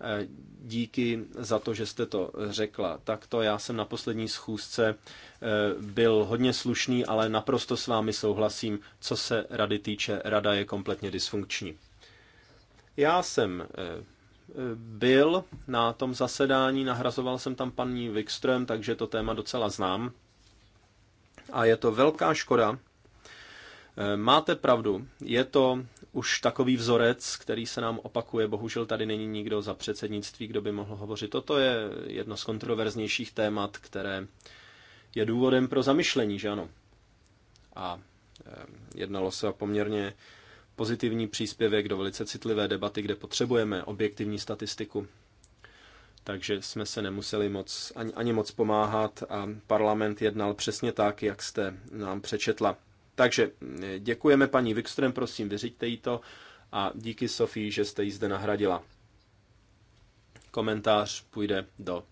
eh, díky za to, že jste to řekla. Takto já jsem na poslední schůzce eh, byl hodně slušný, ale naprosto s vámi souhlasím, co se rady týče, rada je kompletně dysfunkční. Já jsem byl na tom zasedání, nahrazoval jsem tam paní Wikström, takže to téma docela znám. A je to velká škoda. Eh, máte pravdu, je to už takový vzorec, který se nám opakuje. Bohužel tady není nikdo za předsednictví, kdo by mohl hovořit. Toto je jedno z kontroverznějších témat, které je důvodem pro zamyšlení, že ano? A eh, jednalo se o poměrně pozitivní příspěvek do velice citlivé debaty, kde potřebujeme objektivní statistiku. Takže jsme se nemuseli moc, ani, ani moc pomáhat a parlament jednal přesně tak, jak jste nám přečetla. Takže eh, děkujeme paní Wikström, prosím, vyřiďte jí to a díky Sofii, že jste ji zde nahradila. Komentář půjde do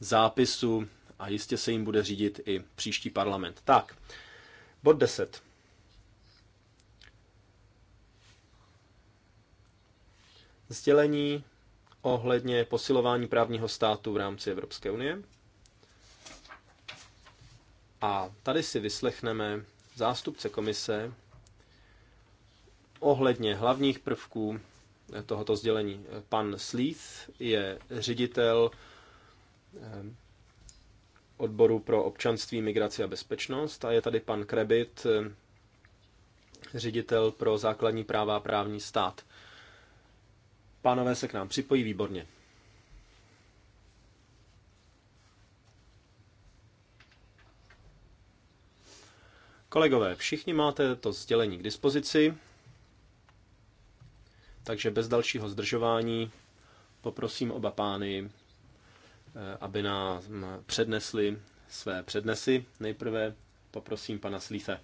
zápisu a jistě se jim bude řídit i příští parlament. Tak, bod 10. sdělení ohledně posilování právního státu v rámci Evropské unie. A tady si vyslechneme zástupce komise ohledně hlavních prvků tohoto sdělení. Pan Slíth je ředitel eh, odboru pro občanství, migraci a bezpečnost a je tady pan Krebit, eh, ředitel pro základní práva a právní stát. Pánové se k nám připojí výborně. Kolegové, všichni máte to sdělení k dispozici, takže bez dalšího zdržování poprosím oba pány, eh, aby nám přednesli své přednesy. Nejprve poprosím pana Slíce.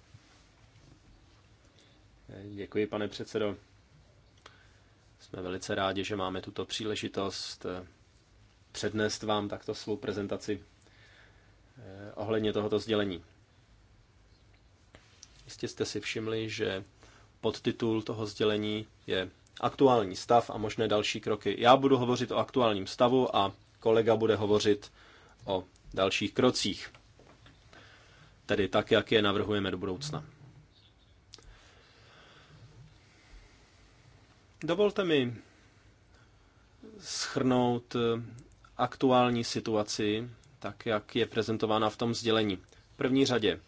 Eh, děkuji, pane předsedo. Jsme velice rádi, že máme tuto příležitost eh, přednést vám takto svou prezentaci eh, ohledně tohoto sdělení. Jistě jste si všimli, že podtitul toho sdělení je Aktuální stav a možné další kroky. Já budu hovořit o aktuálním stavu a kolega bude hovořit o dalších krocích, tedy tak, jak je navrhujeme do budoucna. Dovolte mi schrnout eh, aktuální situaci, tak jak je prezentována v tom sdělení. V první řadě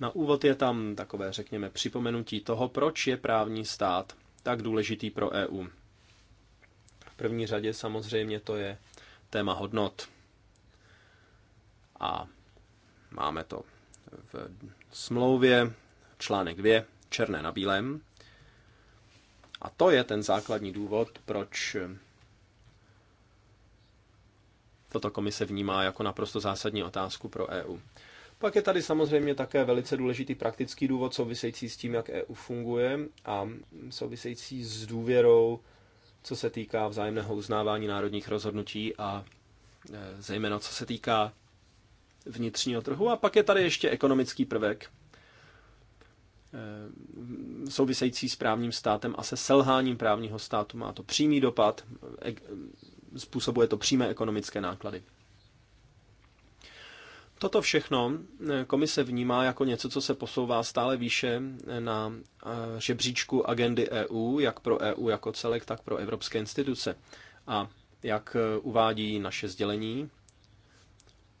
na úvod je tam takové, řekněme, připomenutí toho, proč je právní stát tak důležitý pro EU. V první řadě samozřejmě to je téma hodnot. A máme to v smlouvě článek 2, černé na bílém. A to je ten základní důvod, proč toto komise vnímá jako naprosto zásadní otázku pro EU. Pak je tady samozřejmě také velice důležitý praktický důvod související s tím, jak EU funguje a související s důvěrou, co se týká vzájemného uznávání národních rozhodnutí a e, zejména co se týká vnitřního trhu. A pak je tady ještě ekonomický prvek, Eh, související s právním státem a se selháním právního státu. Má to přímý dopad, eh, eh, způsobuje to přímé ekonomické náklady. Toto všechno komise vnímá jako něco, co se posouvá stále výše na žebříčku agendy EU, jak pro EU jako celek, tak pro evropské instituce. A jak uvádí naše sdělení,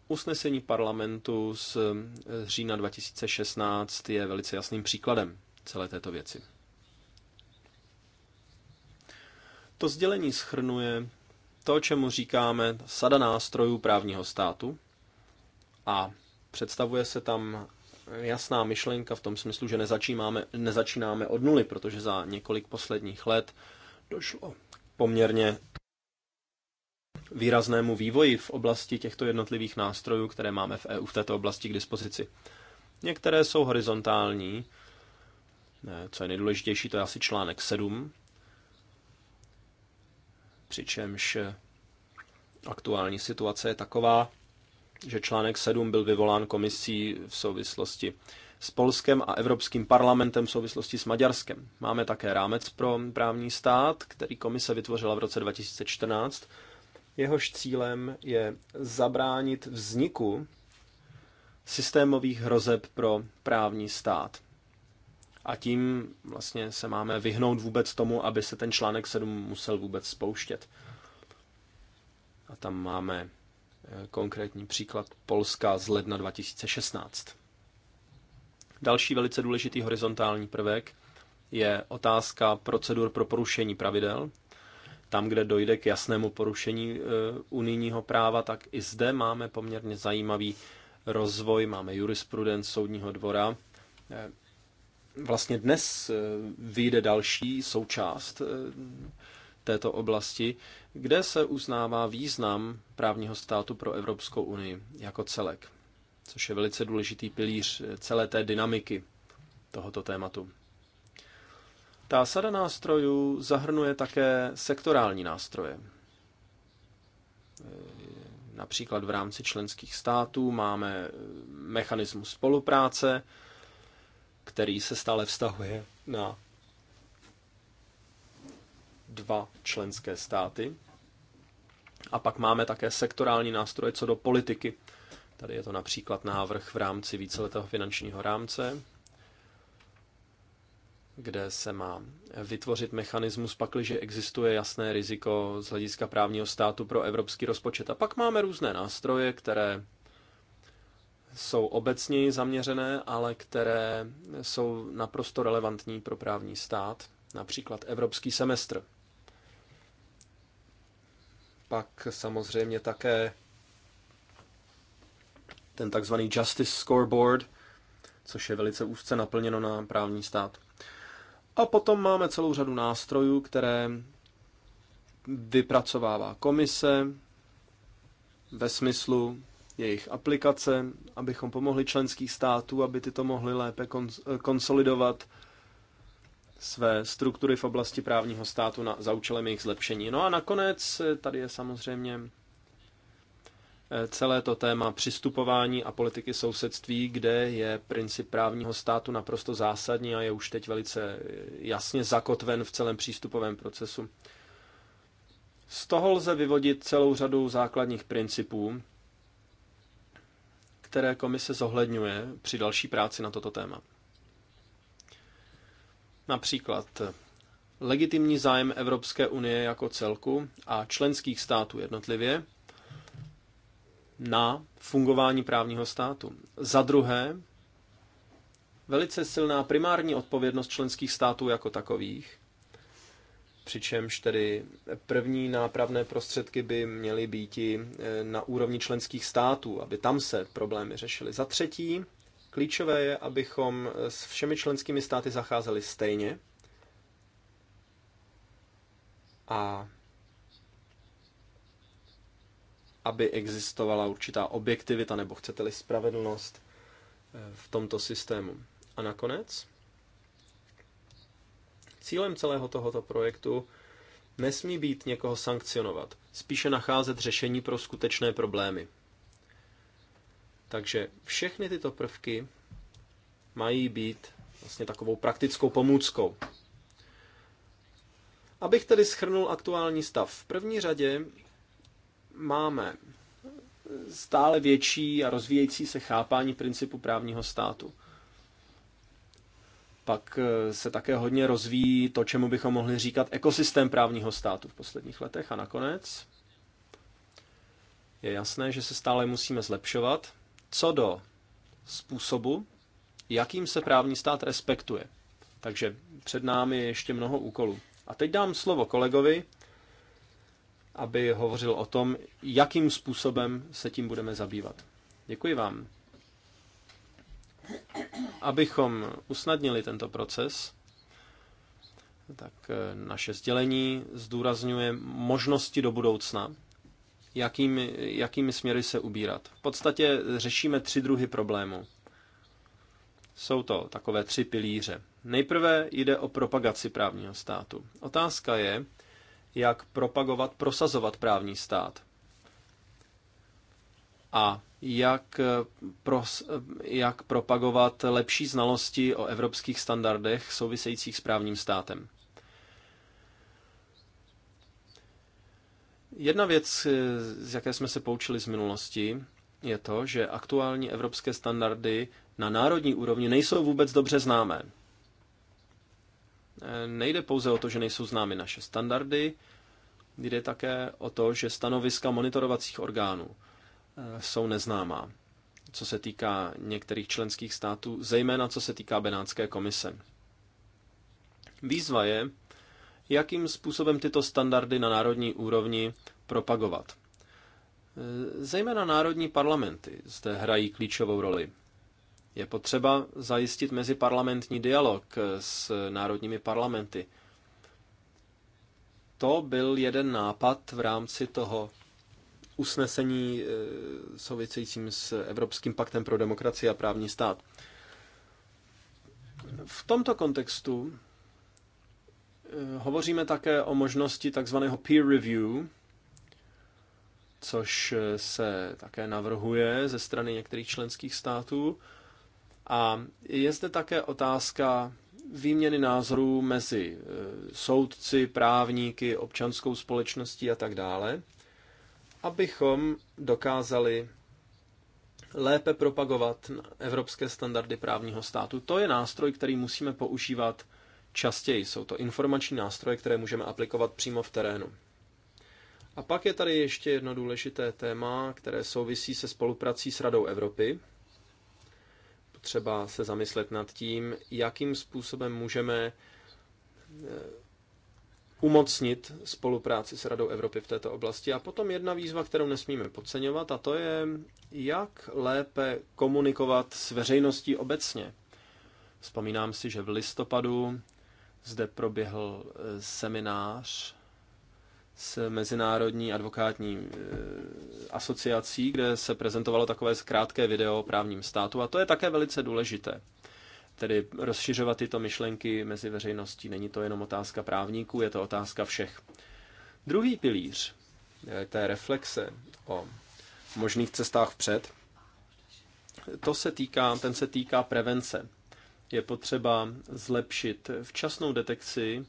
Usnesení parlamentu z eh, října 2016 je velice jasným příkladem celé této věci. To sdělení schrnuje to, čemu říkáme sada nástrojů právního státu a představuje se tam jasná myšlenka v tom smyslu, že nezačínáme, nezačínáme od nuly, protože za několik posledních let došlo poměrně výraznému vývoji v oblasti těchto jednotlivých nástrojů, které máme v EU v této oblasti k dispozici. Některé jsou horizontální, co je nejdůležitější, to je asi článek 7, přičemž aktuální situace je taková, že článek 7 byl vyvolán komisí v souvislosti s Polskem a Evropským parlamentem v souvislosti s Maďarskem. Máme také rámec pro právní stát, který komise vytvořila v roce 2014 Jehož cílem je zabránit vzniku systémových hrozeb pro právní stát. A tím vlastně se máme vyhnout vůbec tomu, aby se ten článek 7 musel vůbec spouštět. A tam máme eh, konkrétní příklad Polska z ledna 2016. Další velice důležitý horizontální prvek je otázka procedur pro porušení pravidel, tam, kde dojde k jasnému porušení eh, unijního práva, tak i zde máme poměrně zajímavý rozvoj, máme jurisprudenci soudního dvora. Eh, vlastně dnes eh, vyjde další součást této oblasti, kde se uznává význam právního státu pro Evropskou unii jako celek, což je velice důležitý pilíř celé té dynamiky tohoto tématu. Ta sada nástrojů zahrnuje také sektorální nástroje. Například v rámci členských států máme mechanismus spolupráce, který se stále vztahuje na dva členské státy. A pak máme také sektorální nástroje co do politiky. Tady je to například návrh v rámci víceletého finančního rámce, kde se má vytvořit mechanismus, pakliže existuje jasné riziko z hlediska právního státu pro evropský rozpočet. A pak máme různé nástroje, které jsou obecněji zaměřené, ale které jsou naprosto relevantní pro právní stát, například evropský semestr. Pak samozřejmě také ten takzvaný Justice Scoreboard, což je velice úzce naplněno na právní stát. A potom máme celou řadu nástrojů, které vypracovává komise ve smyslu jejich aplikace, abychom pomohli členských států, aby tyto mohly lépe konsolidovat své struktury v oblasti právního státu na, za účelem jejich zlepšení. No a nakonec tady je samozřejmě celé to téma přistupování a politiky sousedství, kde je princip právního státu naprosto zásadní a je už teď velice jasně zakotven v celém přístupovém procesu. Z toho lze vyvodit celou řadu základních principů, které komise zohledňuje při další práci na toto téma. Například legitimní zájem Evropské unie jako celku a členských států jednotlivě, na fungování právního státu. Za druhé, velice silná primární odpovědnost členských států jako takových, přičemž tedy první nápravné prostředky by měly být i e, na úrovni členských států, aby tam se problémy řešily. Za třetí, klíčové je, abychom e, s všemi členskými státy zacházeli stejně a aby existovala určitá objektivita, nebo chcete-li spravedlnost eh, v tomto systému. A nakonec, cílem celého tohoto projektu nesmí být někoho sankcionovat, spíše nacházet řešení pro skutečné problémy. Takže všechny tyto prvky mají být vlastně takovou praktickou pomůckou. Abych tedy schrnul aktuální stav. V první řadě máme stále větší a rozvíjející se chápání principu právního státu. Pak eh, se také hodně rozvíjí to, čemu bychom mohli říkat ekosystém právního státu v posledních letech. A nakonec je jasné, že se stále musíme zlepšovat co do způsobu, jakým se právní stát respektuje. Takže před námi je ještě mnoho úkolů. A teď dám slovo kolegovi, aby hovořil o tom, jakým způsobem se tím budeme zabývat. Děkuji vám. Abychom usnadnili tento proces, tak eh, naše sdělení zdůrazňuje možnosti do budoucna, jakými, jakými směry se ubírat. V podstatě řešíme tři druhy problémů. Jsou to takové tři pilíře. Nejprve jde o propagaci právního státu. Otázka je, jak propagovat, prosazovat právní stát a jak, eh, pros, eh, jak propagovat lepší znalosti o evropských standardech souvisejících s právním státem. Jedna věc, eh, z jaké jsme se poučili z minulosti, je to, že aktuální evropské standardy na národní úrovni nejsou vůbec dobře známé. Eh, nejde pouze o to, že nejsou známy naše standardy, jde také o to, že stanoviska monitorovacích orgánů eh, jsou neznámá, co se týká některých členských států, zejména co se týká Benátské komise. Výzva je, jakým způsobem tyto standardy na národní úrovni propagovat. Eh, zejména národní parlamenty zde hrají klíčovou roli. Je potřeba zajistit meziparlamentní dialog s národními parlamenty. To byl jeden nápad v rámci toho usnesení eh, souvisejícím s Evropským paktem pro demokracii a právní stát. V tomto kontextu eh, hovoříme také o možnosti takzvaného peer review, což eh, se také navrhuje ze strany některých členských států. A je zde také otázka výměny názorů mezi e, soudci, právníky, občanskou společností a tak dále, abychom dokázali lépe propagovat evropské standardy právního státu. To je nástroj, který musíme používat častěji. Jsou to informační nástroje, které můžeme aplikovat přímo v terénu. A pak je tady ještě jedno důležité téma, které souvisí se spoluprací s Radou Evropy – třeba se zamyslet nad tím, jakým způsobem můžeme eh, umocnit spolupráci s Radou Evropy v této oblasti. A potom jedna výzva, kterou nesmíme podceňovat, a to je, jak lépe komunikovat s veřejností obecně. Vzpomínám si, že v listopadu zde proběhl eh, seminář s Mezinárodní advokátní eh, asociací, kde se prezentovalo takové krátké video o právním státu a to je také velice důležité. Tedy rozšiřovat tyto myšlenky mezi veřejností. Není to jenom otázka právníků, je to otázka všech. Druhý pilíř eh, té reflexe o možných cestách vpřed, to se týká, ten se týká prevence. Je potřeba zlepšit včasnou detekci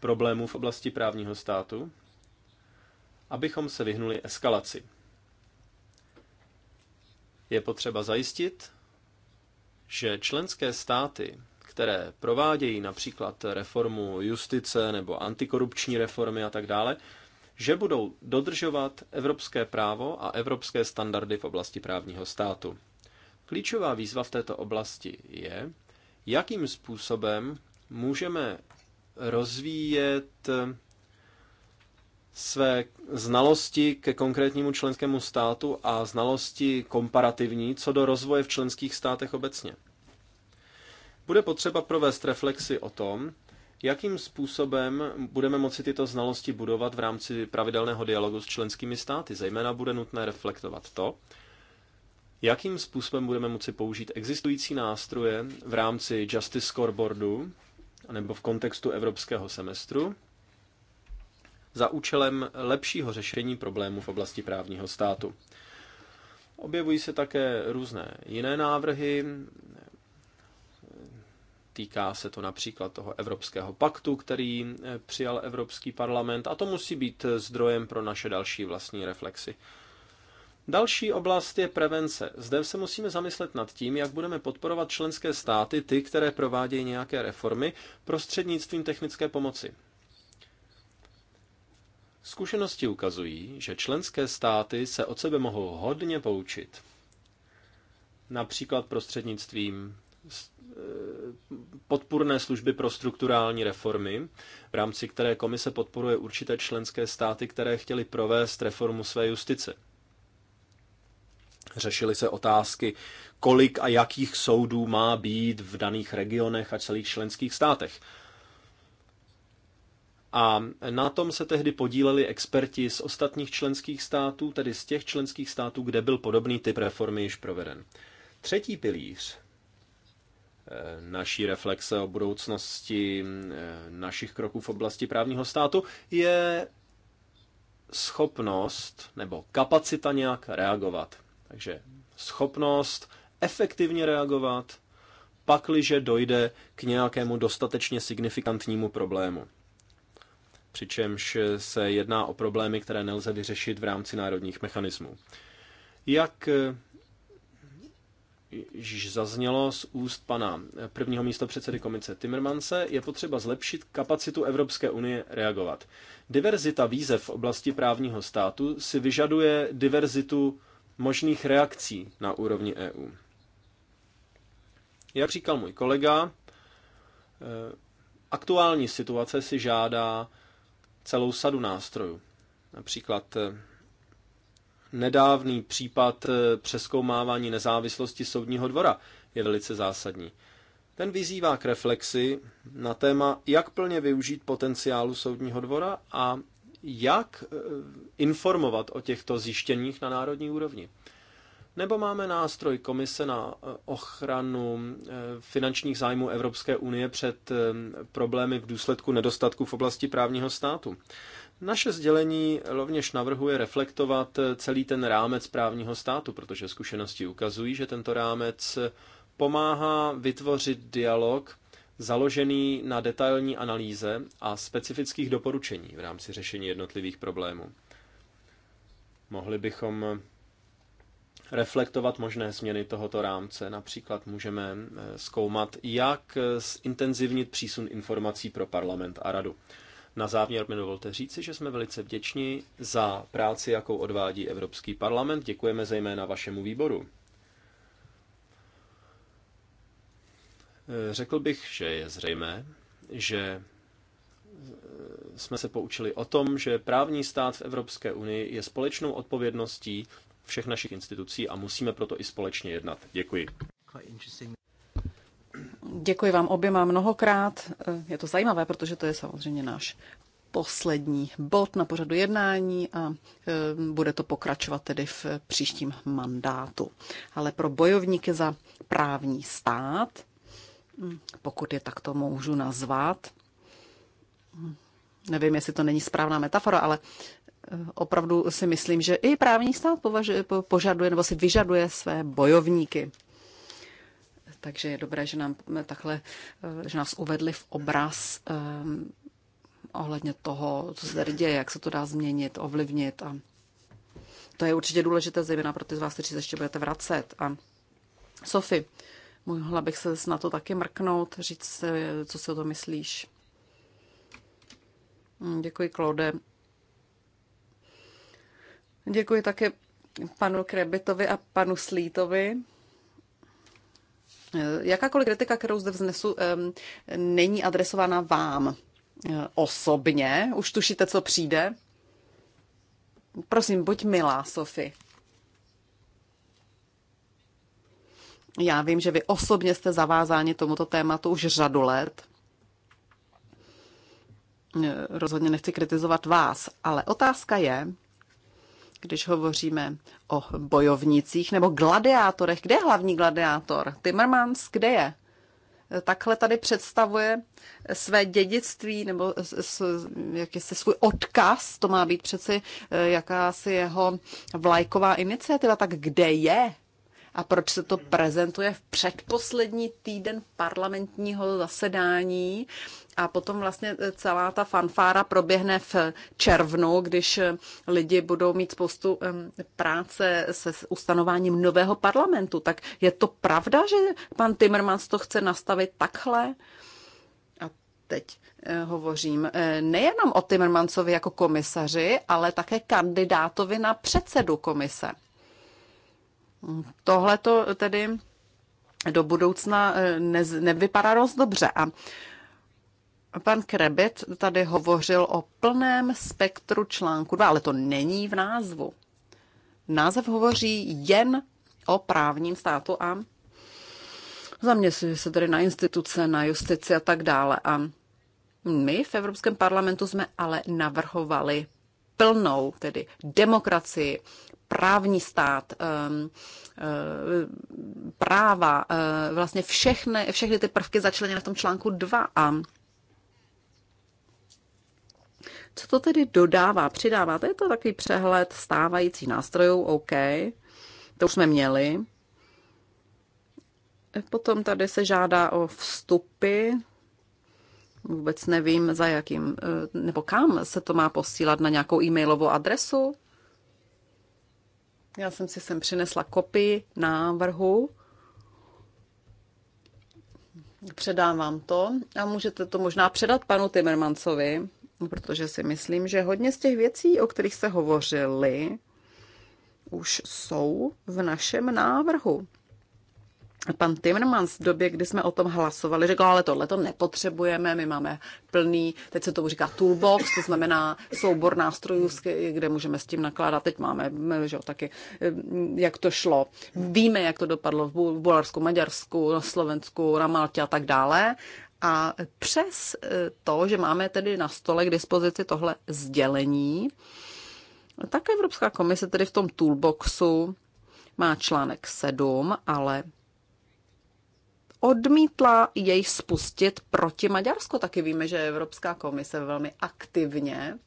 problémů v oblasti právního státu, abychom se vyhnuli eskalaci. Je potřeba zajistit, že členské státy, které provádějí například reformu justice nebo antikorupční reformy a tak dále, že budou dodržovat evropské právo a evropské standardy v oblasti právního státu. Klíčová výzva v této oblasti je, jakým způsobem můžeme rozvíjet své znalosti ke konkrétnímu členskému státu a znalosti komparativní co do rozvoje v členských státech obecně. Bude potřeba provést reflexy o tom, jakým způsobem budeme moci tyto znalosti budovat v rámci pravidelného dialogu s členskými státy. Zejména bude nutné reflektovat to, jakým způsobem budeme moci použít existující nástroje v rámci Justice Scoreboardu nebo v kontextu evropského semestru, za účelem lepšího řešení problémů v oblasti právního státu. Objevují se také různé jiné návrhy. Týká se to například toho Evropského paktu, který eh, přijal Evropský parlament, a to musí být zdrojem pro naše další vlastní reflexy. Další oblast je prevence. Zde se musíme zamyslet nad tím, jak budeme podporovat členské státy, ty, které provádějí nějaké reformy, prostřednictvím technické pomoci. Zkušenosti ukazují, že členské státy se od sebe mohou hodně poučit. Například prostřednictvím eh, podpůrné služby pro strukturální reformy, v rámci které komise podporuje určité členské státy, které chtěly provést reformu své justice. Řešily se otázky, kolik a jakých soudů má být v daných regionech a celých členských státech. A na tom se tehdy podíleli experti z ostatních členských států, tedy z těch členských států, kde byl podobný typ reformy již proveden. Třetí pilíř eh, naší reflexe o budoucnosti eh, našich kroků v oblasti právního státu je schopnost nebo kapacita nějak reagovat. Takže schopnost efektivně reagovat, pakliže dojde k nějakému dostatečně signifikantnímu problému přičemž se jedná o problémy, které nelze vyřešit v rámci národních mechanismů. Jak eh, již zaznělo z úst pana prvního místo předsedy komice Timmermanse, je potřeba zlepšit kapacitu Evropské unie reagovat. Diverzita výzev v oblasti právního státu si vyžaduje diverzitu možných reakcí na úrovni EU. Jak říkal můj kolega, eh, aktuální situace si žádá celou sadu nástrojů. Například eh, nedávný případ eh, přeskoumávání nezávislosti soudního dvora je velice zásadní. Ten vyzývá k reflexi na téma, jak plně využít potenciálu soudního dvora a jak eh, informovat o těchto zjištěních na národní úrovni. Nebo máme nástroj Komise na eh, ochranu eh, finančních zájmů Evropské unie před eh, problémy v důsledku nedostatku v oblasti právního státu. Naše sdělení rovněž navrhuje reflektovat celý ten rámec právního státu, protože zkušenosti ukazují, že tento rámec pomáhá vytvořit dialog založený na detailní analýze a specifických doporučení v rámci řešení jednotlivých problémů. Mohli bychom reflektovat možné změny tohoto rámce. Například můžeme eh, zkoumat, jak eh, intenzivnit přísun informací pro parlament a radu. Na závěr mi dovolte říci, že jsme velice vděční za práci, jakou odvádí Evropský parlament. Děkujeme zejména vašemu výboru. Eh, řekl bych, že je zřejmé, že jsme se poučili o tom, že právní stát v Evropské unii je společnou odpovědností všech našich institucí a musíme proto i společně jednat. Děkuji. Děkuji vám oběma mnohokrát. Je to zajímavé, protože to je samozřejmě náš poslední bod na pořadu jednání a e, bude to pokračovat tedy v příštím mandátu. Ale pro bojovníky za právní stát, hm, pokud je takto můžu nazvat, hm, nevím, jestli to není správná metafora, ale opravdu si myslím, že i právní stát považuje, požaduje nebo si vyžaduje své bojovníky. Takže je dobré, že, nám takhle, eh, že nás uvedli v obraz um, ohledně toho, co se tady děje, jak se to dá změnit, ovlivnit. A to je určitě důležité, zejména pro ty z vás, kteří se ještě budete vracet. A Sofie, mohla bych se na to taky mrknout, říct, co si o to myslíš. Hm, děkuji, Claude. Děkuji také panu Krebitovi a panu Slítovi. Jakákoliv kritika, kterou zde vznesu, není adresována vám osobně. Už tušíte, co přijde? Prosím, buď milá, Sofi. Já vím, že vy osobně jste zavázáni tomuto tématu už řadu let. Rozhodně nechci kritizovat vás, ale otázka je, když hovoříme o bojovnicích nebo gladiátorech. Kde je hlavní gladiátor? Timmermans, kde je? Takhle tady představuje své dědictví nebo jakýsi svůj odkaz, to má být přeci eh, jakási jeho vlajková iniciativa, tak kde je? a proč se to prezentuje v předposlední týden parlamentního zasedání a potom vlastně e, celá ta fanfára proběhne v červnu, když e, lidi budou mít spoustu práce se ustanováním nového parlamentu. Tak je to pravda, že pan Timmermans to chce nastavit takhle? A teď e, hovořím nejenom o Timmermansovi jako komisaři, ale také kandidátovi na předsedu komise. Tohle to tedy do budoucna eh, ne, nevypadá dost dobře. A pan Krebit tady hovořil o plném spektru článku 2, ale to není v názvu. Název hovoří jen o právním státu a zaměstnuje se tedy na instituce, na justici a tak dále. A my v Evropském parlamentu jsme ale navrhovali plnou, tedy demokracii, právní stát, ehm, eh, práva, eh, vlastně všechny, všechny ty prvky začleněné v tom článku 2a. Co to tedy dodává, přidává? To je to takový přehled stávajících nástrojů, OK, to už jsme měli. Potom tady se žádá o vstupy, vůbec nevím, za jakým, eh, nebo kam se to má posílat na nějakou e-mailovou adresu. Já jsem si sem přinesla kopii návrhu. Předám vám to a můžete to možná předat panu Timmermansovi, protože si myslím, že hodně z těch věcí, o kterých se hovořili, už jsou v našem návrhu pan Timmermans v době, kdy jsme o tom hlasovali, řekl, no, ale tohle to nepotřebujeme, my máme plný, teď se to říká toolbox, to znamená soubor nástrojů, kde můžeme s tím nakládat. Teď máme, že jo, taky, hm, jak to šlo. Víme, jak to dopadlo v Bulharsku, Maďarsku, Slovensku, na Maltě a tak dále. A přes e, to, že máme tedy na stole k dispozici tohle sdělení, tak Evropská komise tedy v tom toolboxu má článek 7, ale odmítla jej spustit proti Maďarsku. Taky víme, že Evropská komise velmi aktivně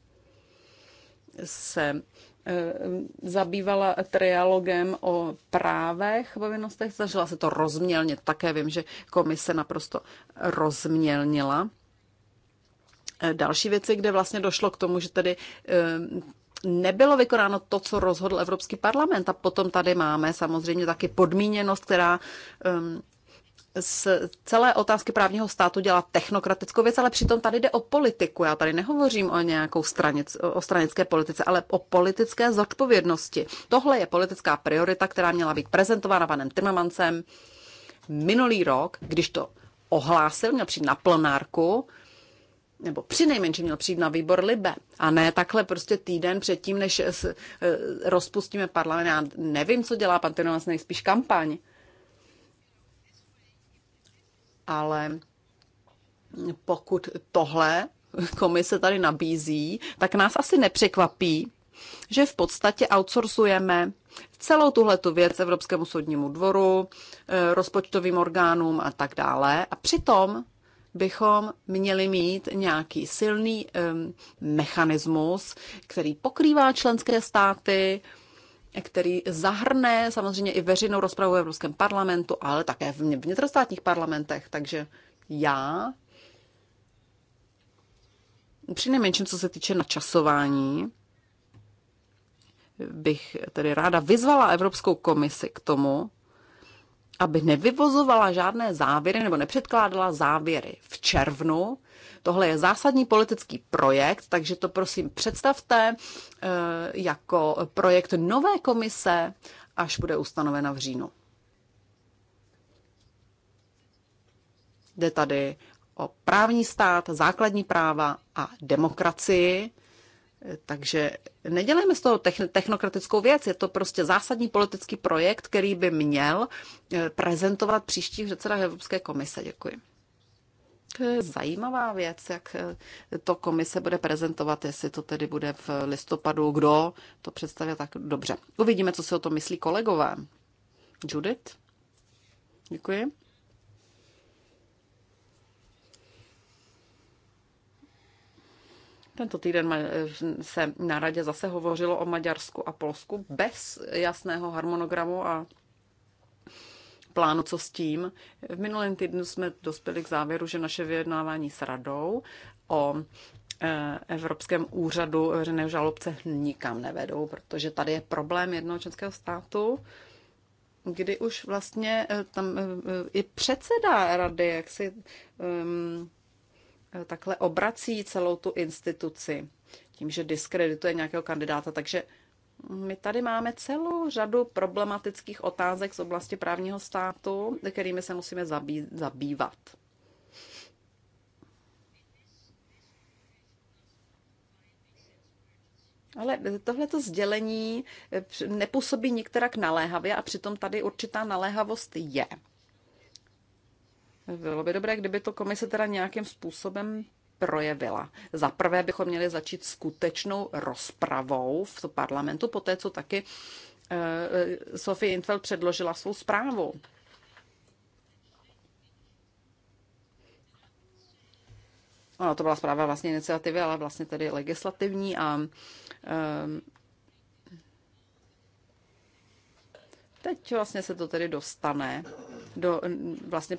se eh, zabývala trialogem o právech, povinnostech, zažila se to rozmělně. Také vím, že komise naprosto rozmělnila. Eh, další věci, kde vlastně došlo k tomu, že tedy eh, nebylo vykonáno to, co rozhodl Evropský parlament. A potom tady máme samozřejmě taky podmíněnost, která z celé otázky právního státu dělat technokratickou věc, ale přitom tady jde o politiku. Já tady nehovořím o nějakou stranic, o stranické politice, ale o politické zodpovědnosti. Tohle je politická priorita, která měla být prezentována panem Timmermansem minulý rok, když to ohlásil, měl přijít na plenárku, nebo při nejmenším měl přijít na výbor Libe. A ne takhle prostě týden předtím, než rozpustíme parlament. Já nevím, co dělá pan Timmermans, nejspíš kampaň ale pokud tohle komise tady nabízí, tak nás asi nepřekvapí, že v podstatě outsourcujeme celou tuhle tu věc Evropskému soudnímu dvoru, eh, rozpočtovým orgánům a tak dále. A přitom bychom měli mít nějaký silný um, mechanismus, který pokrývá členské státy, který zahrne samozřejmě i veřejnou rozpravu v Evropském parlamentu, ale také v vnitrostátních parlamentech. Takže já, nejmenším, co se týče načasování, bych tedy ráda vyzvala Evropskou komisi k tomu, aby nevyvozovala žádné závěry nebo nepředkládala závěry v červnu. Tohle je zásadní politický projekt, takže to prosím představte eh, jako projekt nové komise, až bude ustanovena v říjnu. Jde tady o právní stát, základní práva a demokracii. Takže nedělejme z toho technokratickou věc, je to prostě zásadní politický projekt, který by měl eh, prezentovat příští předseda Evropské komise. Děkuji. Zajímavá věc, jak eh, to komise bude prezentovat, jestli to tedy bude v listopadu, kdo to představí tak dobře. Uvidíme, co si o to myslí kolegové. Judith? Děkuji. Tento týden se na radě zase hovořilo o Maďarsku a Polsku bez jasného harmonogramu a plánu, co s tím. V minulém týdnu jsme dospěli k závěru, že naše vyjednávání s radou o e, Evropském úřadu veřejného žalobce nikam nevedou, protože tady je problém jednoho českého státu, kdy už vlastně e, tam e, i předseda rady, jak si um, Eh, takhle obrací celou tu instituci tím, že diskredituje nějakého kandidáta. Takže my tady máme celou řadu problematických otázek z oblasti právního státu, kterými se musíme zabý, zabývat. Ale tohleto sdělení eh, nepůsobí nikterak naléhavě a přitom tady určitá naléhavost je. Bylo by dobré, kdyby to komise teda nějakým způsobem projevila. Za prvé bychom měli začít skutečnou rozpravou v parlamentu, poté co taky eh, eh, Sophie Infeld předložila svou zprávu. Ona to byla zpráva vlastně iniciativy, ale vlastně tedy legislativní a um, teď vlastně se to tedy dostane do vlastně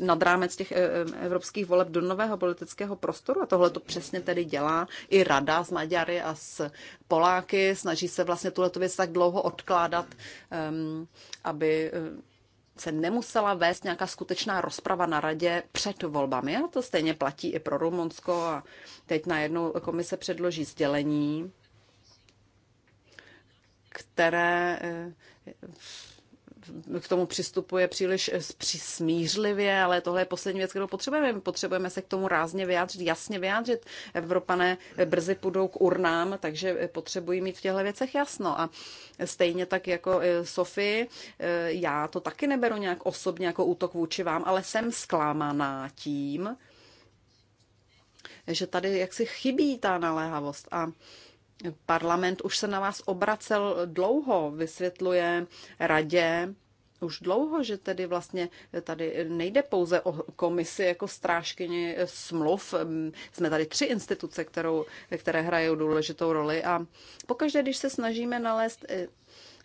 nad rámec těch e, e, evropských voleb do nového politického prostoru a tohle to přesně tedy dělá i rada s Maďary a s Poláky, snaží se vlastně tuhle věc tak dlouho odkládat, aby e, se nemusela vést nějaká skutečná rozprava na radě před volbami. A to stejně platí i pro Rumunsko. A teď najednou komise předloží sdělení, které k tomu přistupuje příliš eh, smířlivě, ale tohle je poslední věc, kterou potřebujeme. My potřebujeme se k tomu rázně vyjádřit, jasně vyjádřit. Evropané eh, brzy půjdou k urnám, takže eh, potřebují mít v těchto věcech jasno. A stejně tak jako Sofie, já to taky neberu nějak osobně jako útok vůči vám, ale jsem zklamaná tím, že tady jaksi chybí ta naléhavost. A Parlament už se na vás obracel dlouho, vysvětluje radě už dlouho, že tedy vlastně tady nejde pouze o komisi jako strážkyni smluv. Jsme tady tři instituce, kterou, které hrají důležitou roli a pokaždé, když se snažíme nalézt eh,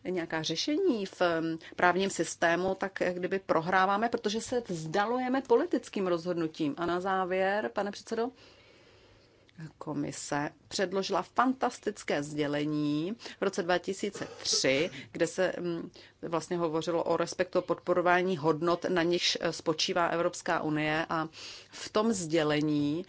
nějaká řešení v mm, právním systému, tak eh, kdyby prohráváme, protože se vzdalujeme politickým rozhodnutím. A na závěr, pane předsedo, komise předložila fantastické sdělení v roce 2003, kde se mm, vlastně hovořilo o respektu a podporování hodnot, na nichž eh, spočívá Evropská unie a v tom sdělení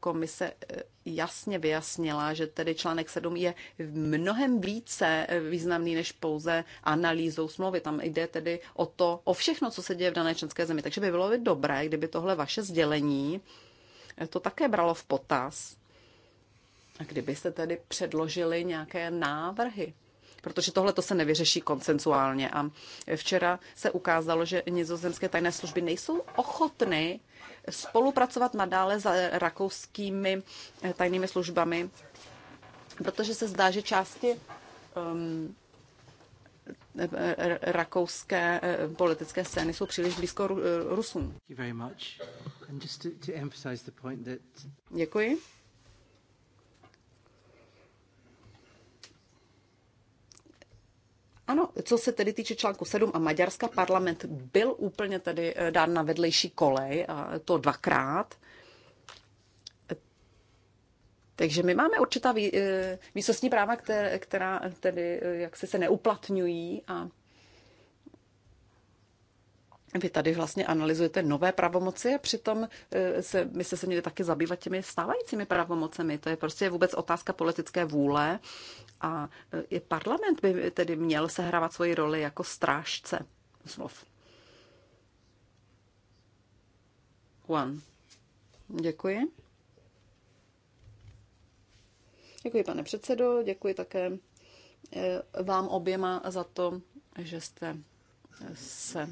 komise eh, jasně vyjasnila, že tedy článek 7 je mnohem více eh, významný než pouze analýzou smlouvy. Tam jde tedy o to, o všechno, co se děje v dané členské zemi. Takže by bylo by dobré, kdyby tohle vaše sdělení to také bralo v potaz. A kdybyste tedy předložili nějaké návrhy, protože tohle to se nevyřeší koncensuálně. A včera se ukázalo, že nizozemské tajné služby nejsou ochotny spolupracovat nadále s rakouskými eh, tajnými službami, protože se zdá, že části um, rakouské politické scény jsou příliš blízko Rusům. Děkuji. Ano, co se tedy týče článku 7 a Maďarska, parlament byl úplně tedy eh, dán na vedlejší kolej, a to dvakrát. Takže my máme určitá eh, výsostní práva, která tedy eh, jak se, se neuplatňují a vy tady vlastně analyzujete nové pravomoci a přitom e, se, my se se měli taky zabývat těmi stávajícími pravomocemi. To je prostě vůbec otázka politické vůle a e, i parlament by tedy měl sehrávat svoji roli jako strážce slov. Juan, Děkuji. Děkuji, pane předsedo, děkuji také e, vám oběma za to, že jste se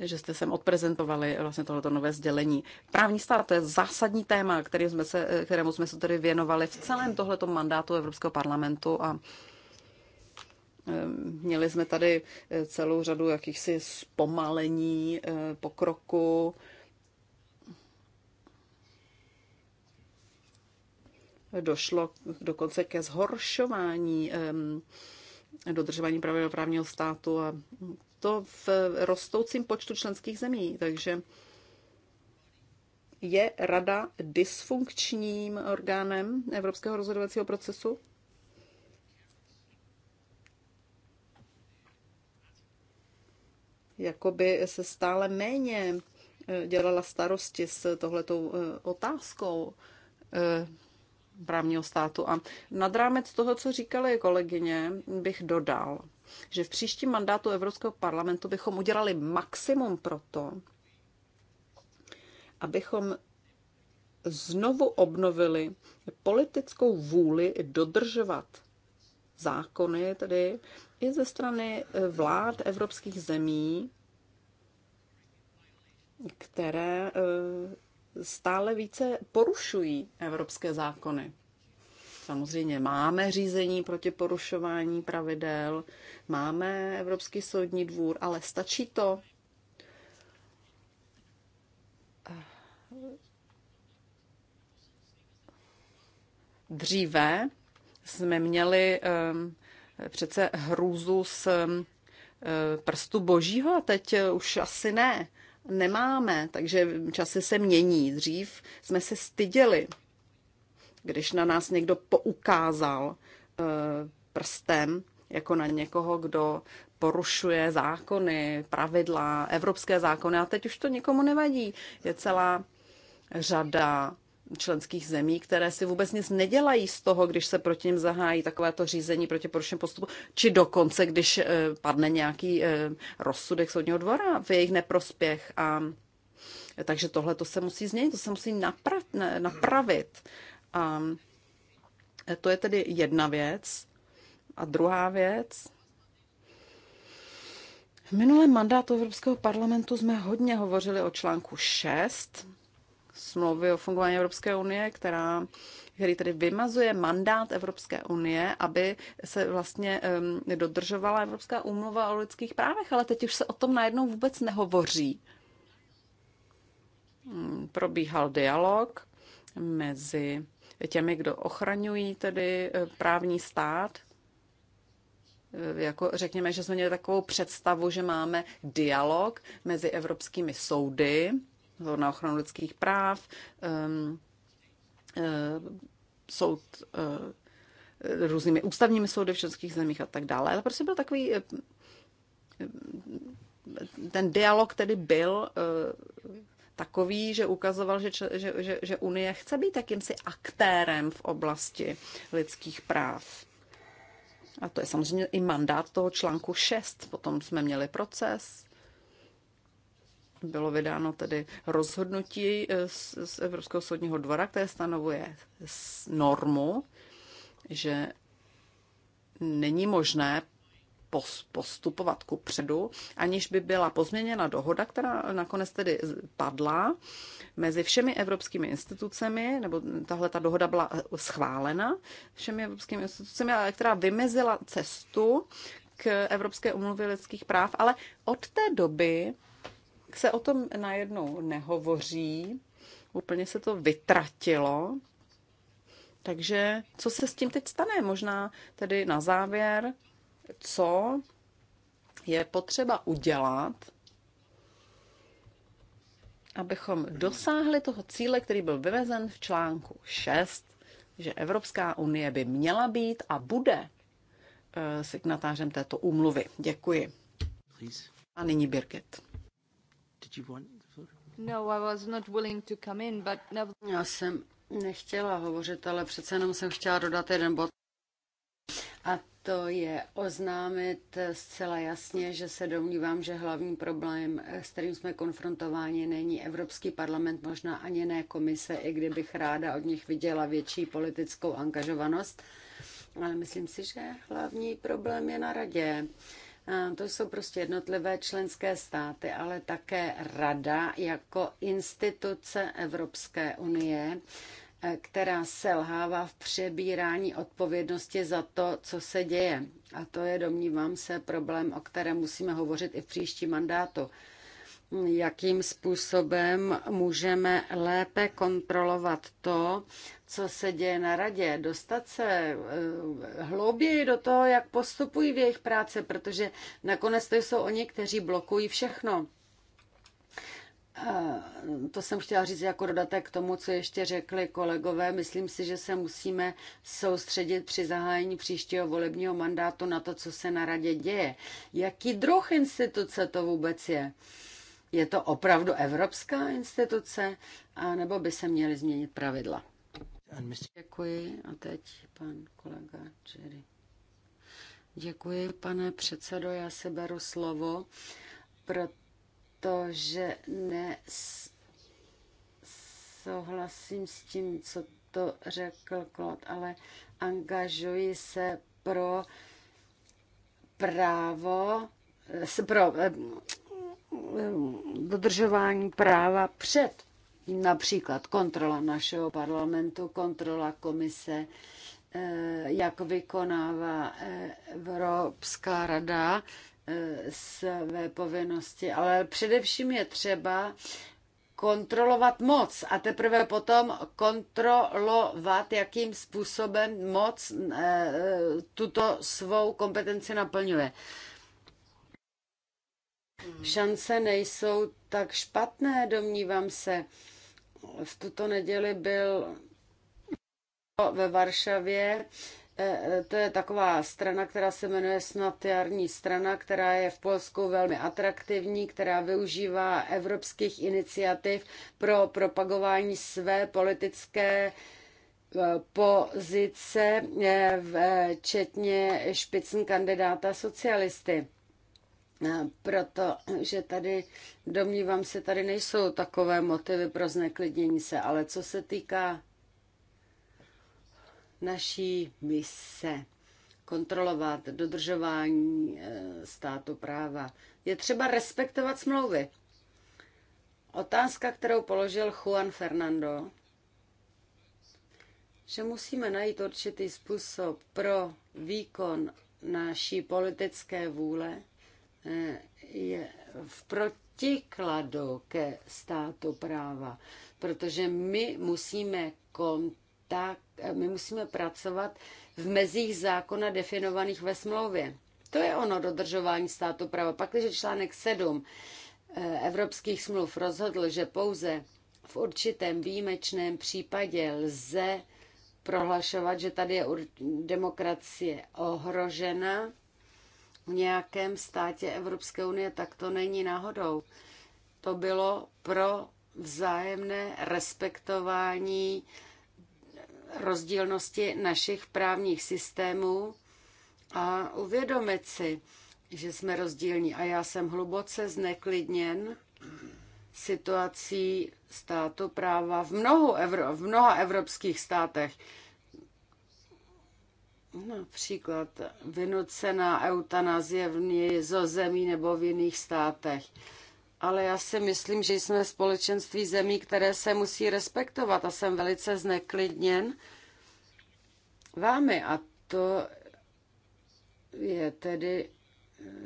že jste sem odprezentovali vlastně tohleto nové sdělení. Právní stát to je zásadní téma, který jsme se, kterému jsme se tady věnovali v celém tohleto mandátu Evropského parlamentu a eh, měli jsme tady eh, celou řadu jakýchsi zpomalení eh, pokroku. Došlo dokonce ke zhoršování dodržování pravidel právního státu a to v rostoucím počtu členských zemí. Takže je rada dysfunkčním orgánem evropského rozhodovacího procesu? Jakoby se stále méně eh, dělala starosti s tohletou eh, otázkou eh, právního státu. A nad rámec toho, co říkali kolegyně, bych dodal, že v příštím mandátu Evropského parlamentu bychom udělali maximum pro to, abychom znovu obnovili politickou vůli dodržovat zákony, tedy i ze strany eh, vlád evropských zemí, které eh, stále více porušují evropské zákony. Samozřejmě máme řízení proti porušování pravidel, máme Evropský soudní dvůr, ale stačí to? Dříve jsme měli ehm, přece hrůzu z ehm, prstu božího a teď eh, už asi ne. Nemáme, takže časy se mění. Dřív jsme se styděli když na nás někdo poukázal eh, prstem, jako na někoho, kdo porušuje zákony, pravidla, evropské zákony a teď už to nikomu nevadí. Je celá řada členských zemí, které si vůbec nic nedělají z toho, když se proti ním zahájí takovéto řízení proti porušení postupu, či dokonce, když eh, padne nějaký eh, rozsudek soudního dvora v jejich neprospěch. A takže tohle to se musí změnit, to se musí napra- napravit. A to je tedy jedna věc. A druhá věc, v minulém mandátu Evropského parlamentu jsme hodně hovořili o článku 6 smlouvy o fungování Evropské unie, která, který tedy vymazuje mandát Evropské unie, aby se vlastně um, dodržovala Evropská úmluva o lidských právech, ale teď už se o tom najednou vůbec nehovoří. Probíhal dialog mezi těmi, kdo ochraňují tedy e, právní stát. E, jako řekněme, že jsme měli takovou představu, že máme dialog mezi evropskými soudy na ochranu lidských práv, e, soud různými ústavními soudy v českých zemích a tak dále. Ale prostě byl takový ten dialog tedy byl takový, že ukazoval, že, že, že, že Unie chce být jakýmsi aktérem v oblasti lidských práv. A to je samozřejmě i mandát toho článku 6. Potom jsme měli proces. Bylo vydáno tedy rozhodnutí eh, z, z Evropského soudního dvora, které stanovuje normu, že není možné postupovat ku předu, aniž by byla pozměněna dohoda, která nakonec tedy padla mezi všemi evropskými institucemi, nebo tahle ta dohoda byla schválena všemi evropskými institucemi, ale která vymezila cestu k Evropské umluvě lidských práv, ale od té doby se o tom najednou nehovoří, úplně se to vytratilo. Takže co se s tím teď stane? Možná tedy na závěr co je potřeba udělat, abychom dosáhli toho cíle, který byl vyvezen v článku 6, že Evropská unie by měla být a bude eh, signatářem této úmluvy. Děkuji. A nyní Birgit. No, Já jsem nechtěla hovořit, ale přece jenom jsem chtěla dodat jeden bod. A to je oznámit zcela jasně, že se domnívám, že hlavní problém, s kterým jsme konfrontováni, není Evropský parlament, možná ani ne komise, i kdybych ráda od nich viděla větší politickou angažovanost. Ale myslím si, že hlavní problém je na radě. To jsou prostě jednotlivé členské státy, ale také rada jako instituce Evropské unie která selhává v přebírání odpovědnosti za to, co se děje. A to je, domnívám se, problém, o kterém musíme hovořit i v příští mandátu. Jakým způsobem můžeme lépe kontrolovat to, co se děje na radě, dostat se eh, hlouběji do toho, jak postupují v jejich práce, protože nakonec to jsou oni, kteří blokují všechno. Eh, to jsem chtěla říct jako dodatek k tomu, co ještě řekli kolegové. Myslím si, že se musíme soustředit při zahájení příštího volebního mandátu na to, co se na radě děje. Jaký druh instituce to vůbec je? Je to opravdu evropská instituce, a nebo by se měly změnit pravidla? Děkuji. A teď pan kolega Jerry. Děkuji, pane předsedo, já se beru slovo, protože to, že nesouhlasím s tím, co to řekl Klot, ale angažuji se pro právo, pro eh, dodržování práva před například kontrola našeho parlamentu, kontrola komise, eh, jak vykonává eh, Evropská rada Eh, své povinnosti, ale především je třeba kontrolovat moc a teprve potom kontrolovat, jakým způsobem moc eh, tuto svou kompetenci naplňuje. Hmm. Šance nejsou tak špatné, domnívám se. V tuto neděli byl ve Varšavě E, e, to je taková strana, která se jmenuje snad jarní strana, která je v Polsku velmi atraktivní, která využívá evropských iniciativ pro propagování své politické e, pozice, včetně špicn kandidáta socialisty. Protože tady, domnívám se, tady nejsou takové motivy pro zneklidnění se, ale co se týká Naší mise kontrolovat dodržování eh, státu práva. Je třeba respektovat smlouvy. Otázka, kterou položil Juan Fernando, že musíme najít určitý způsob pro výkon naší politické vůle, eh, je v protikladu ke státu práva, protože my musíme kontakt my musíme pracovat v mezích zákona definovaných ve smlouvě. To je ono dodržování státu práva. Pak, když článek 7 eh, evropských smluv rozhodl, že pouze v určitém výjimečném případě lze prohlašovat, že tady je demokracie ohrožena v nějakém státě Evropské unie, tak to není náhodou. To bylo pro vzájemné respektování rozdílnosti našich právních systémů a uvědomit si, že jsme rozdílní. A já jsem hluboce zneklidněn situací státu práva v, mnohu evro, v mnoha evropských státech. Například vynucená eutanazie v zemí nebo v jiných státech ale já si myslím, že jsme společenství zemí, které se musí respektovat a jsem velice zneklidněn vámi a to je tedy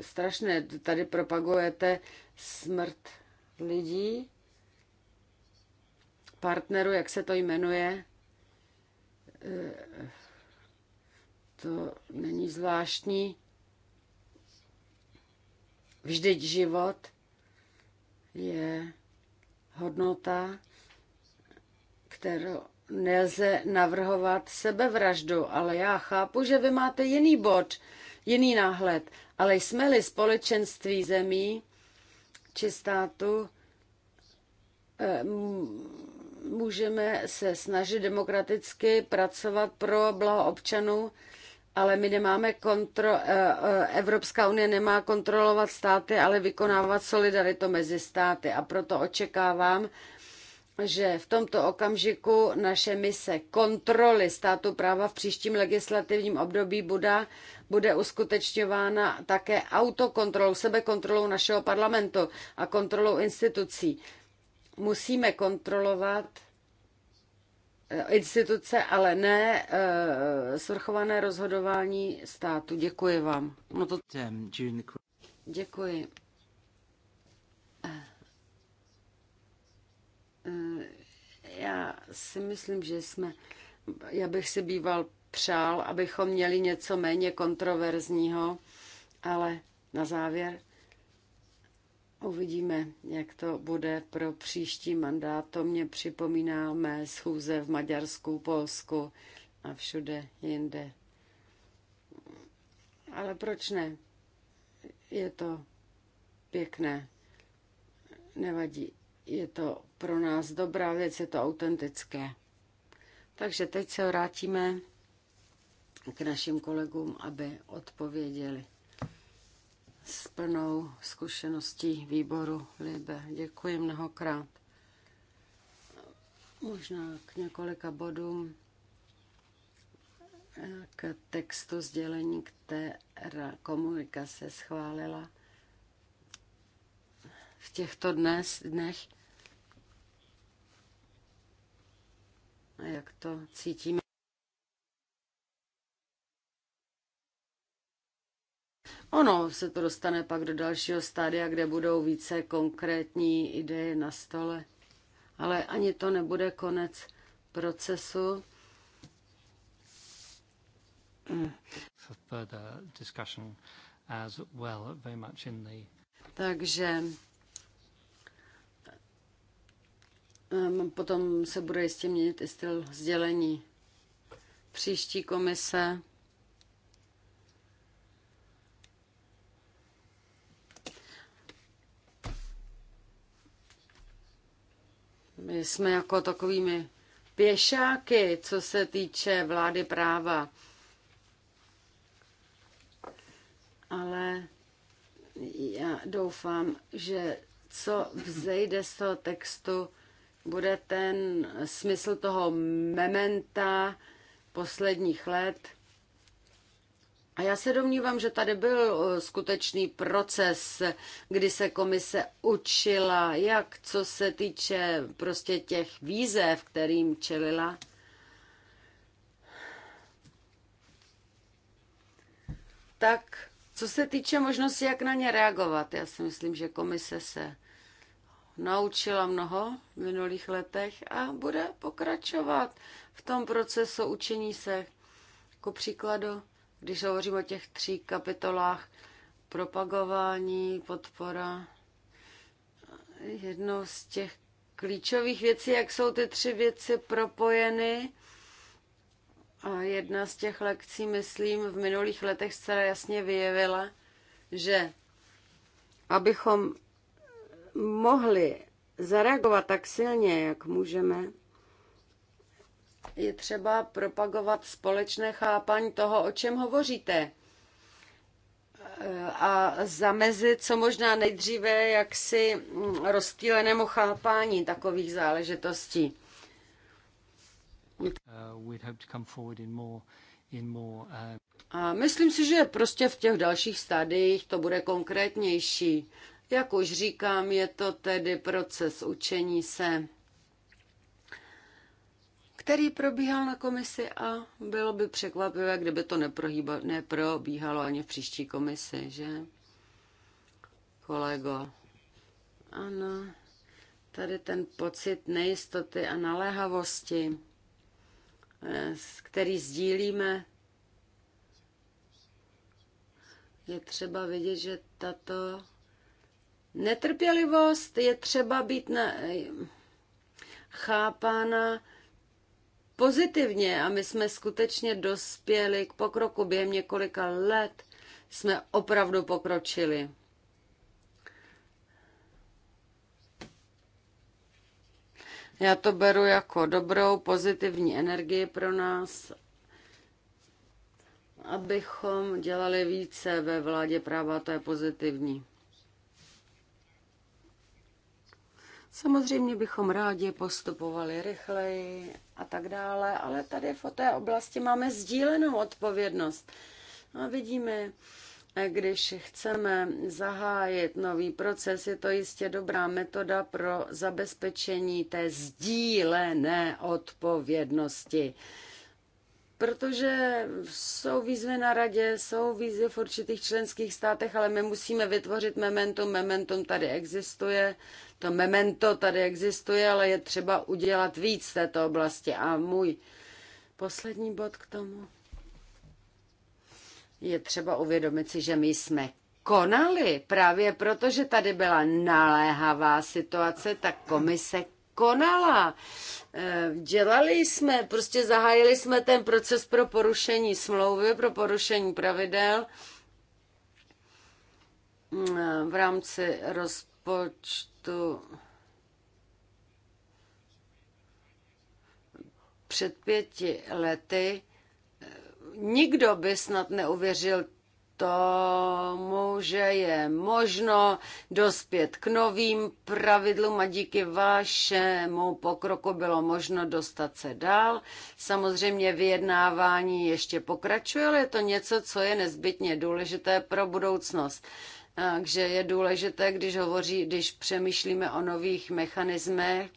strašné. Tady propagujete smrt lidí, partneru, jak se to jmenuje. Eh, to není zvláštní. Vždyť život je hodnota, kterou nelze navrhovat sebevraždu, ale já chápu, že vy máte jiný bod, jiný náhled, ale jsme-li společenství zemí či státu, eh, můžeme se snažit demokraticky pracovat pro blaho občanů, ale my nemáme kontro, eh, eh, Evropská unie nemá kontrolovat státy, ale vykonávat solidaritu mezi státy. A proto očekávám, že v tomto okamžiku naše mise kontroly státu práva v příštím legislativním období bude, bude uskutečňována také autokontrolou, sebekontrolou našeho parlamentu a kontrolou institucí. Musíme kontrolovat Eh, instituce, ale ne eh, svrchované rozhodování státu. Děkuji vám. No to... Děkuji. Eh, já si myslím, že jsme, já bych si býval přál, abychom měli něco méně kontroverzního, ale na závěr Uvidíme, jak to bude pro příští mandát. To mě připomínáme schůze v Maďarsku, Polsku a všude jinde. Ale proč ne? Je to pěkné. Nevadí. Je to pro nás dobrá věc, je to autentické. Takže teď se vrátíme k našim kolegům, aby odpověděli s plnou zkušeností výboru Libe. Děkuji mnohokrát. Možná k několika bodům k textu sdělení, která komunikace schválila v těchto dnes, dnech. Jak to cítíme? Ono se to dostane pak do dalšího stádia, kde budou více konkrétní ideje na stole. Ale ani to nebude konec procesu. Takže ehm, potom se bude jistě měnit i styl sdělení. Příští komise My jsme jako takovými pěšáky, co se týče vlády práva. Ale já doufám, že co vzejde z toho textu, bude ten smysl toho mementa posledních let – a já se domnívám, že tady byl skutečný proces, kdy se komise učila, jak co se týče prostě těch výzev, kterým čelila. Tak co se týče možnosti, jak na ně reagovat, já si myslím, že komise se naučila mnoho v minulých letech a bude pokračovat v tom procesu učení se. Ku příkladu, když hovořím o těch tří kapitolách, propagování, podpora, jednou z těch klíčových věcí, jak jsou ty tři věci propojeny. A jedna z těch lekcí, myslím, v minulých letech zcela jasně vyjevila, že abychom mohli zareagovat tak silně, jak můžeme, je třeba propagovat společné chápaní toho, o čem hovoříte a zamezit co možná nejdříve jaksi rozptýlenému chápání takových záležitostí. Uh, uh, a myslím si, že prostě v těch dalších stádiích to bude konkrétnější. Jak už říkám, je to tedy proces učení se který probíhal na komisi a bylo by překvapivé, kdyby to neprohýba, neprobíhalo ani v příští komisi, že? Kolego. Ano, tady ten pocit nejistoty a naléhavosti, eh, který sdílíme, je třeba vidět, že tato netrpělivost je třeba být na, chápána pozitivně a my jsme skutečně dospěli k pokroku během několika let. Jsme opravdu pokročili. Já to beru jako dobrou pozitivní energii pro nás, abychom dělali více ve vládě práva, to je pozitivní. Samozřejmě bychom rádi postupovali rychleji a tak dále, ale tady v té oblasti máme sdílenou odpovědnost. A vidíme, když chceme zahájit nový proces, je to jistě dobrá metoda pro zabezpečení té sdílené odpovědnosti protože jsou výzvy na radě, jsou výzvy v určitých členských státech, ale my musíme vytvořit momentum. Momentum tady existuje, to memento tady existuje, ale je třeba udělat víc v této oblasti. A můj poslední bod k tomu je třeba uvědomit si, že my jsme konali. Právě protože tady byla naléhavá situace, tak komise konala. Eh, dělali jsme, prostě zahájili jsme ten proces pro porušení smlouvy, pro porušení pravidel mm, v rámci rozpočtu před pěti lety. Eh, nikdo by snad neuvěřil tomu, že je možno dospět k novým pravidlům a díky vašemu pokroku bylo možno dostat se dál. Samozřejmě vyjednávání ještě pokračuje, ale je to něco, co je nezbytně důležité pro budoucnost. Takže je důležité, když hovoří, když přemýšlíme o nových mechanismech,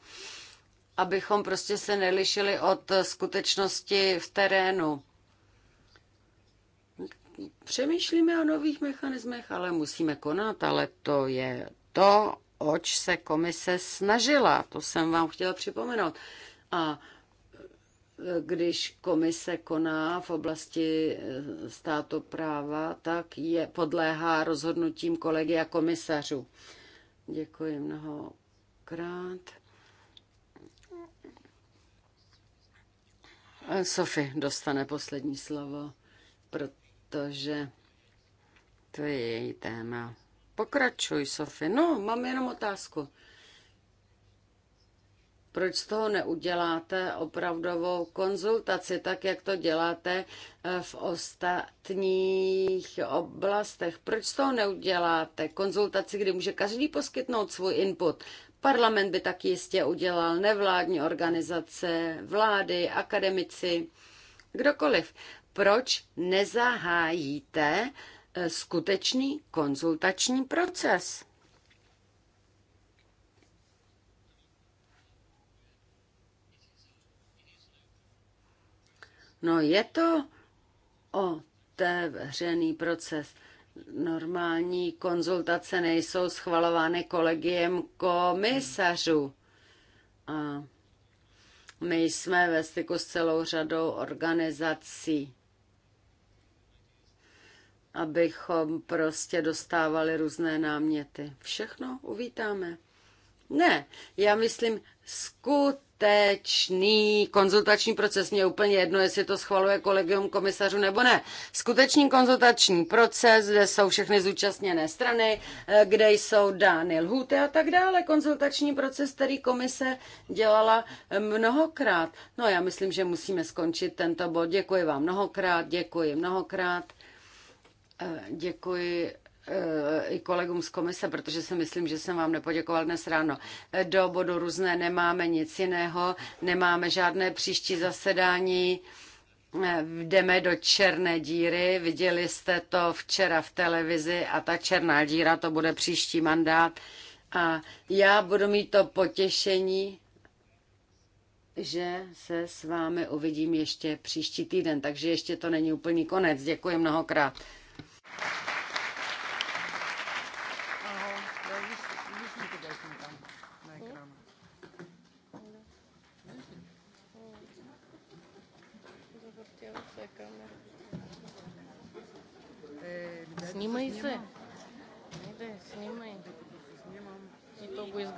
abychom prostě se nelišili od skutečnosti v terénu Přemýšlíme o nových mechanismech, ale musíme konat, ale to je to, oč se komise snažila. To jsem vám chtěla připomenout. A e, když komise koná v oblasti e, státu práva, tak je podléhá rozhodnutím kolegy a komisařů. Děkuji mnohokrát. E, Sofie dostane poslední slovo, protože protože to je její téma. Pokračuj, Sofie. No, mám jenom otázku. Proč z toho neuděláte opravdovou konzultaci, tak jak to děláte eh, v ostatních oblastech? Proč z toho neuděláte konzultaci, kdy může každý poskytnout svůj input? Parlament by tak jistě udělal, nevládní organizace, vlády, akademici, kdokoliv proč nezahájíte eh, skutečný konzultační proces? No je to otevřený proces. Normální konzultace nejsou schvalovány kolegiem komisařů. A my jsme ve styku s celou řadou organizací abychom prostě dostávali různé náměty. Všechno uvítáme. Ne, já myslím skutečný konzultační proces. Mě je úplně jedno, jestli to schvaluje kolegium komisařů nebo ne. Skutečný konzultační proces, kde jsou všechny zúčastněné strany, eh, kde jsou dány lhůty a tak dále. Konzultační proces, který komise dělala eh, mnohokrát. No já myslím, že musíme skončit tento bod. Děkuji vám mnohokrát, děkuji mnohokrát. Eh, děkuji eh, i kolegům z komise, protože si myslím, že jsem vám nepoděkoval dnes ráno. Eh, do bodu různé nemáme nic jiného, nemáme žádné příští zasedání jdeme do černé díry. Viděli jste to včera v televizi a ta černá díra to bude příští mandát. A já budu mít to potěšení, že se s vámi uvidím ještě příští týden, takže ještě to není úplný konec. Děkuji mnohokrát.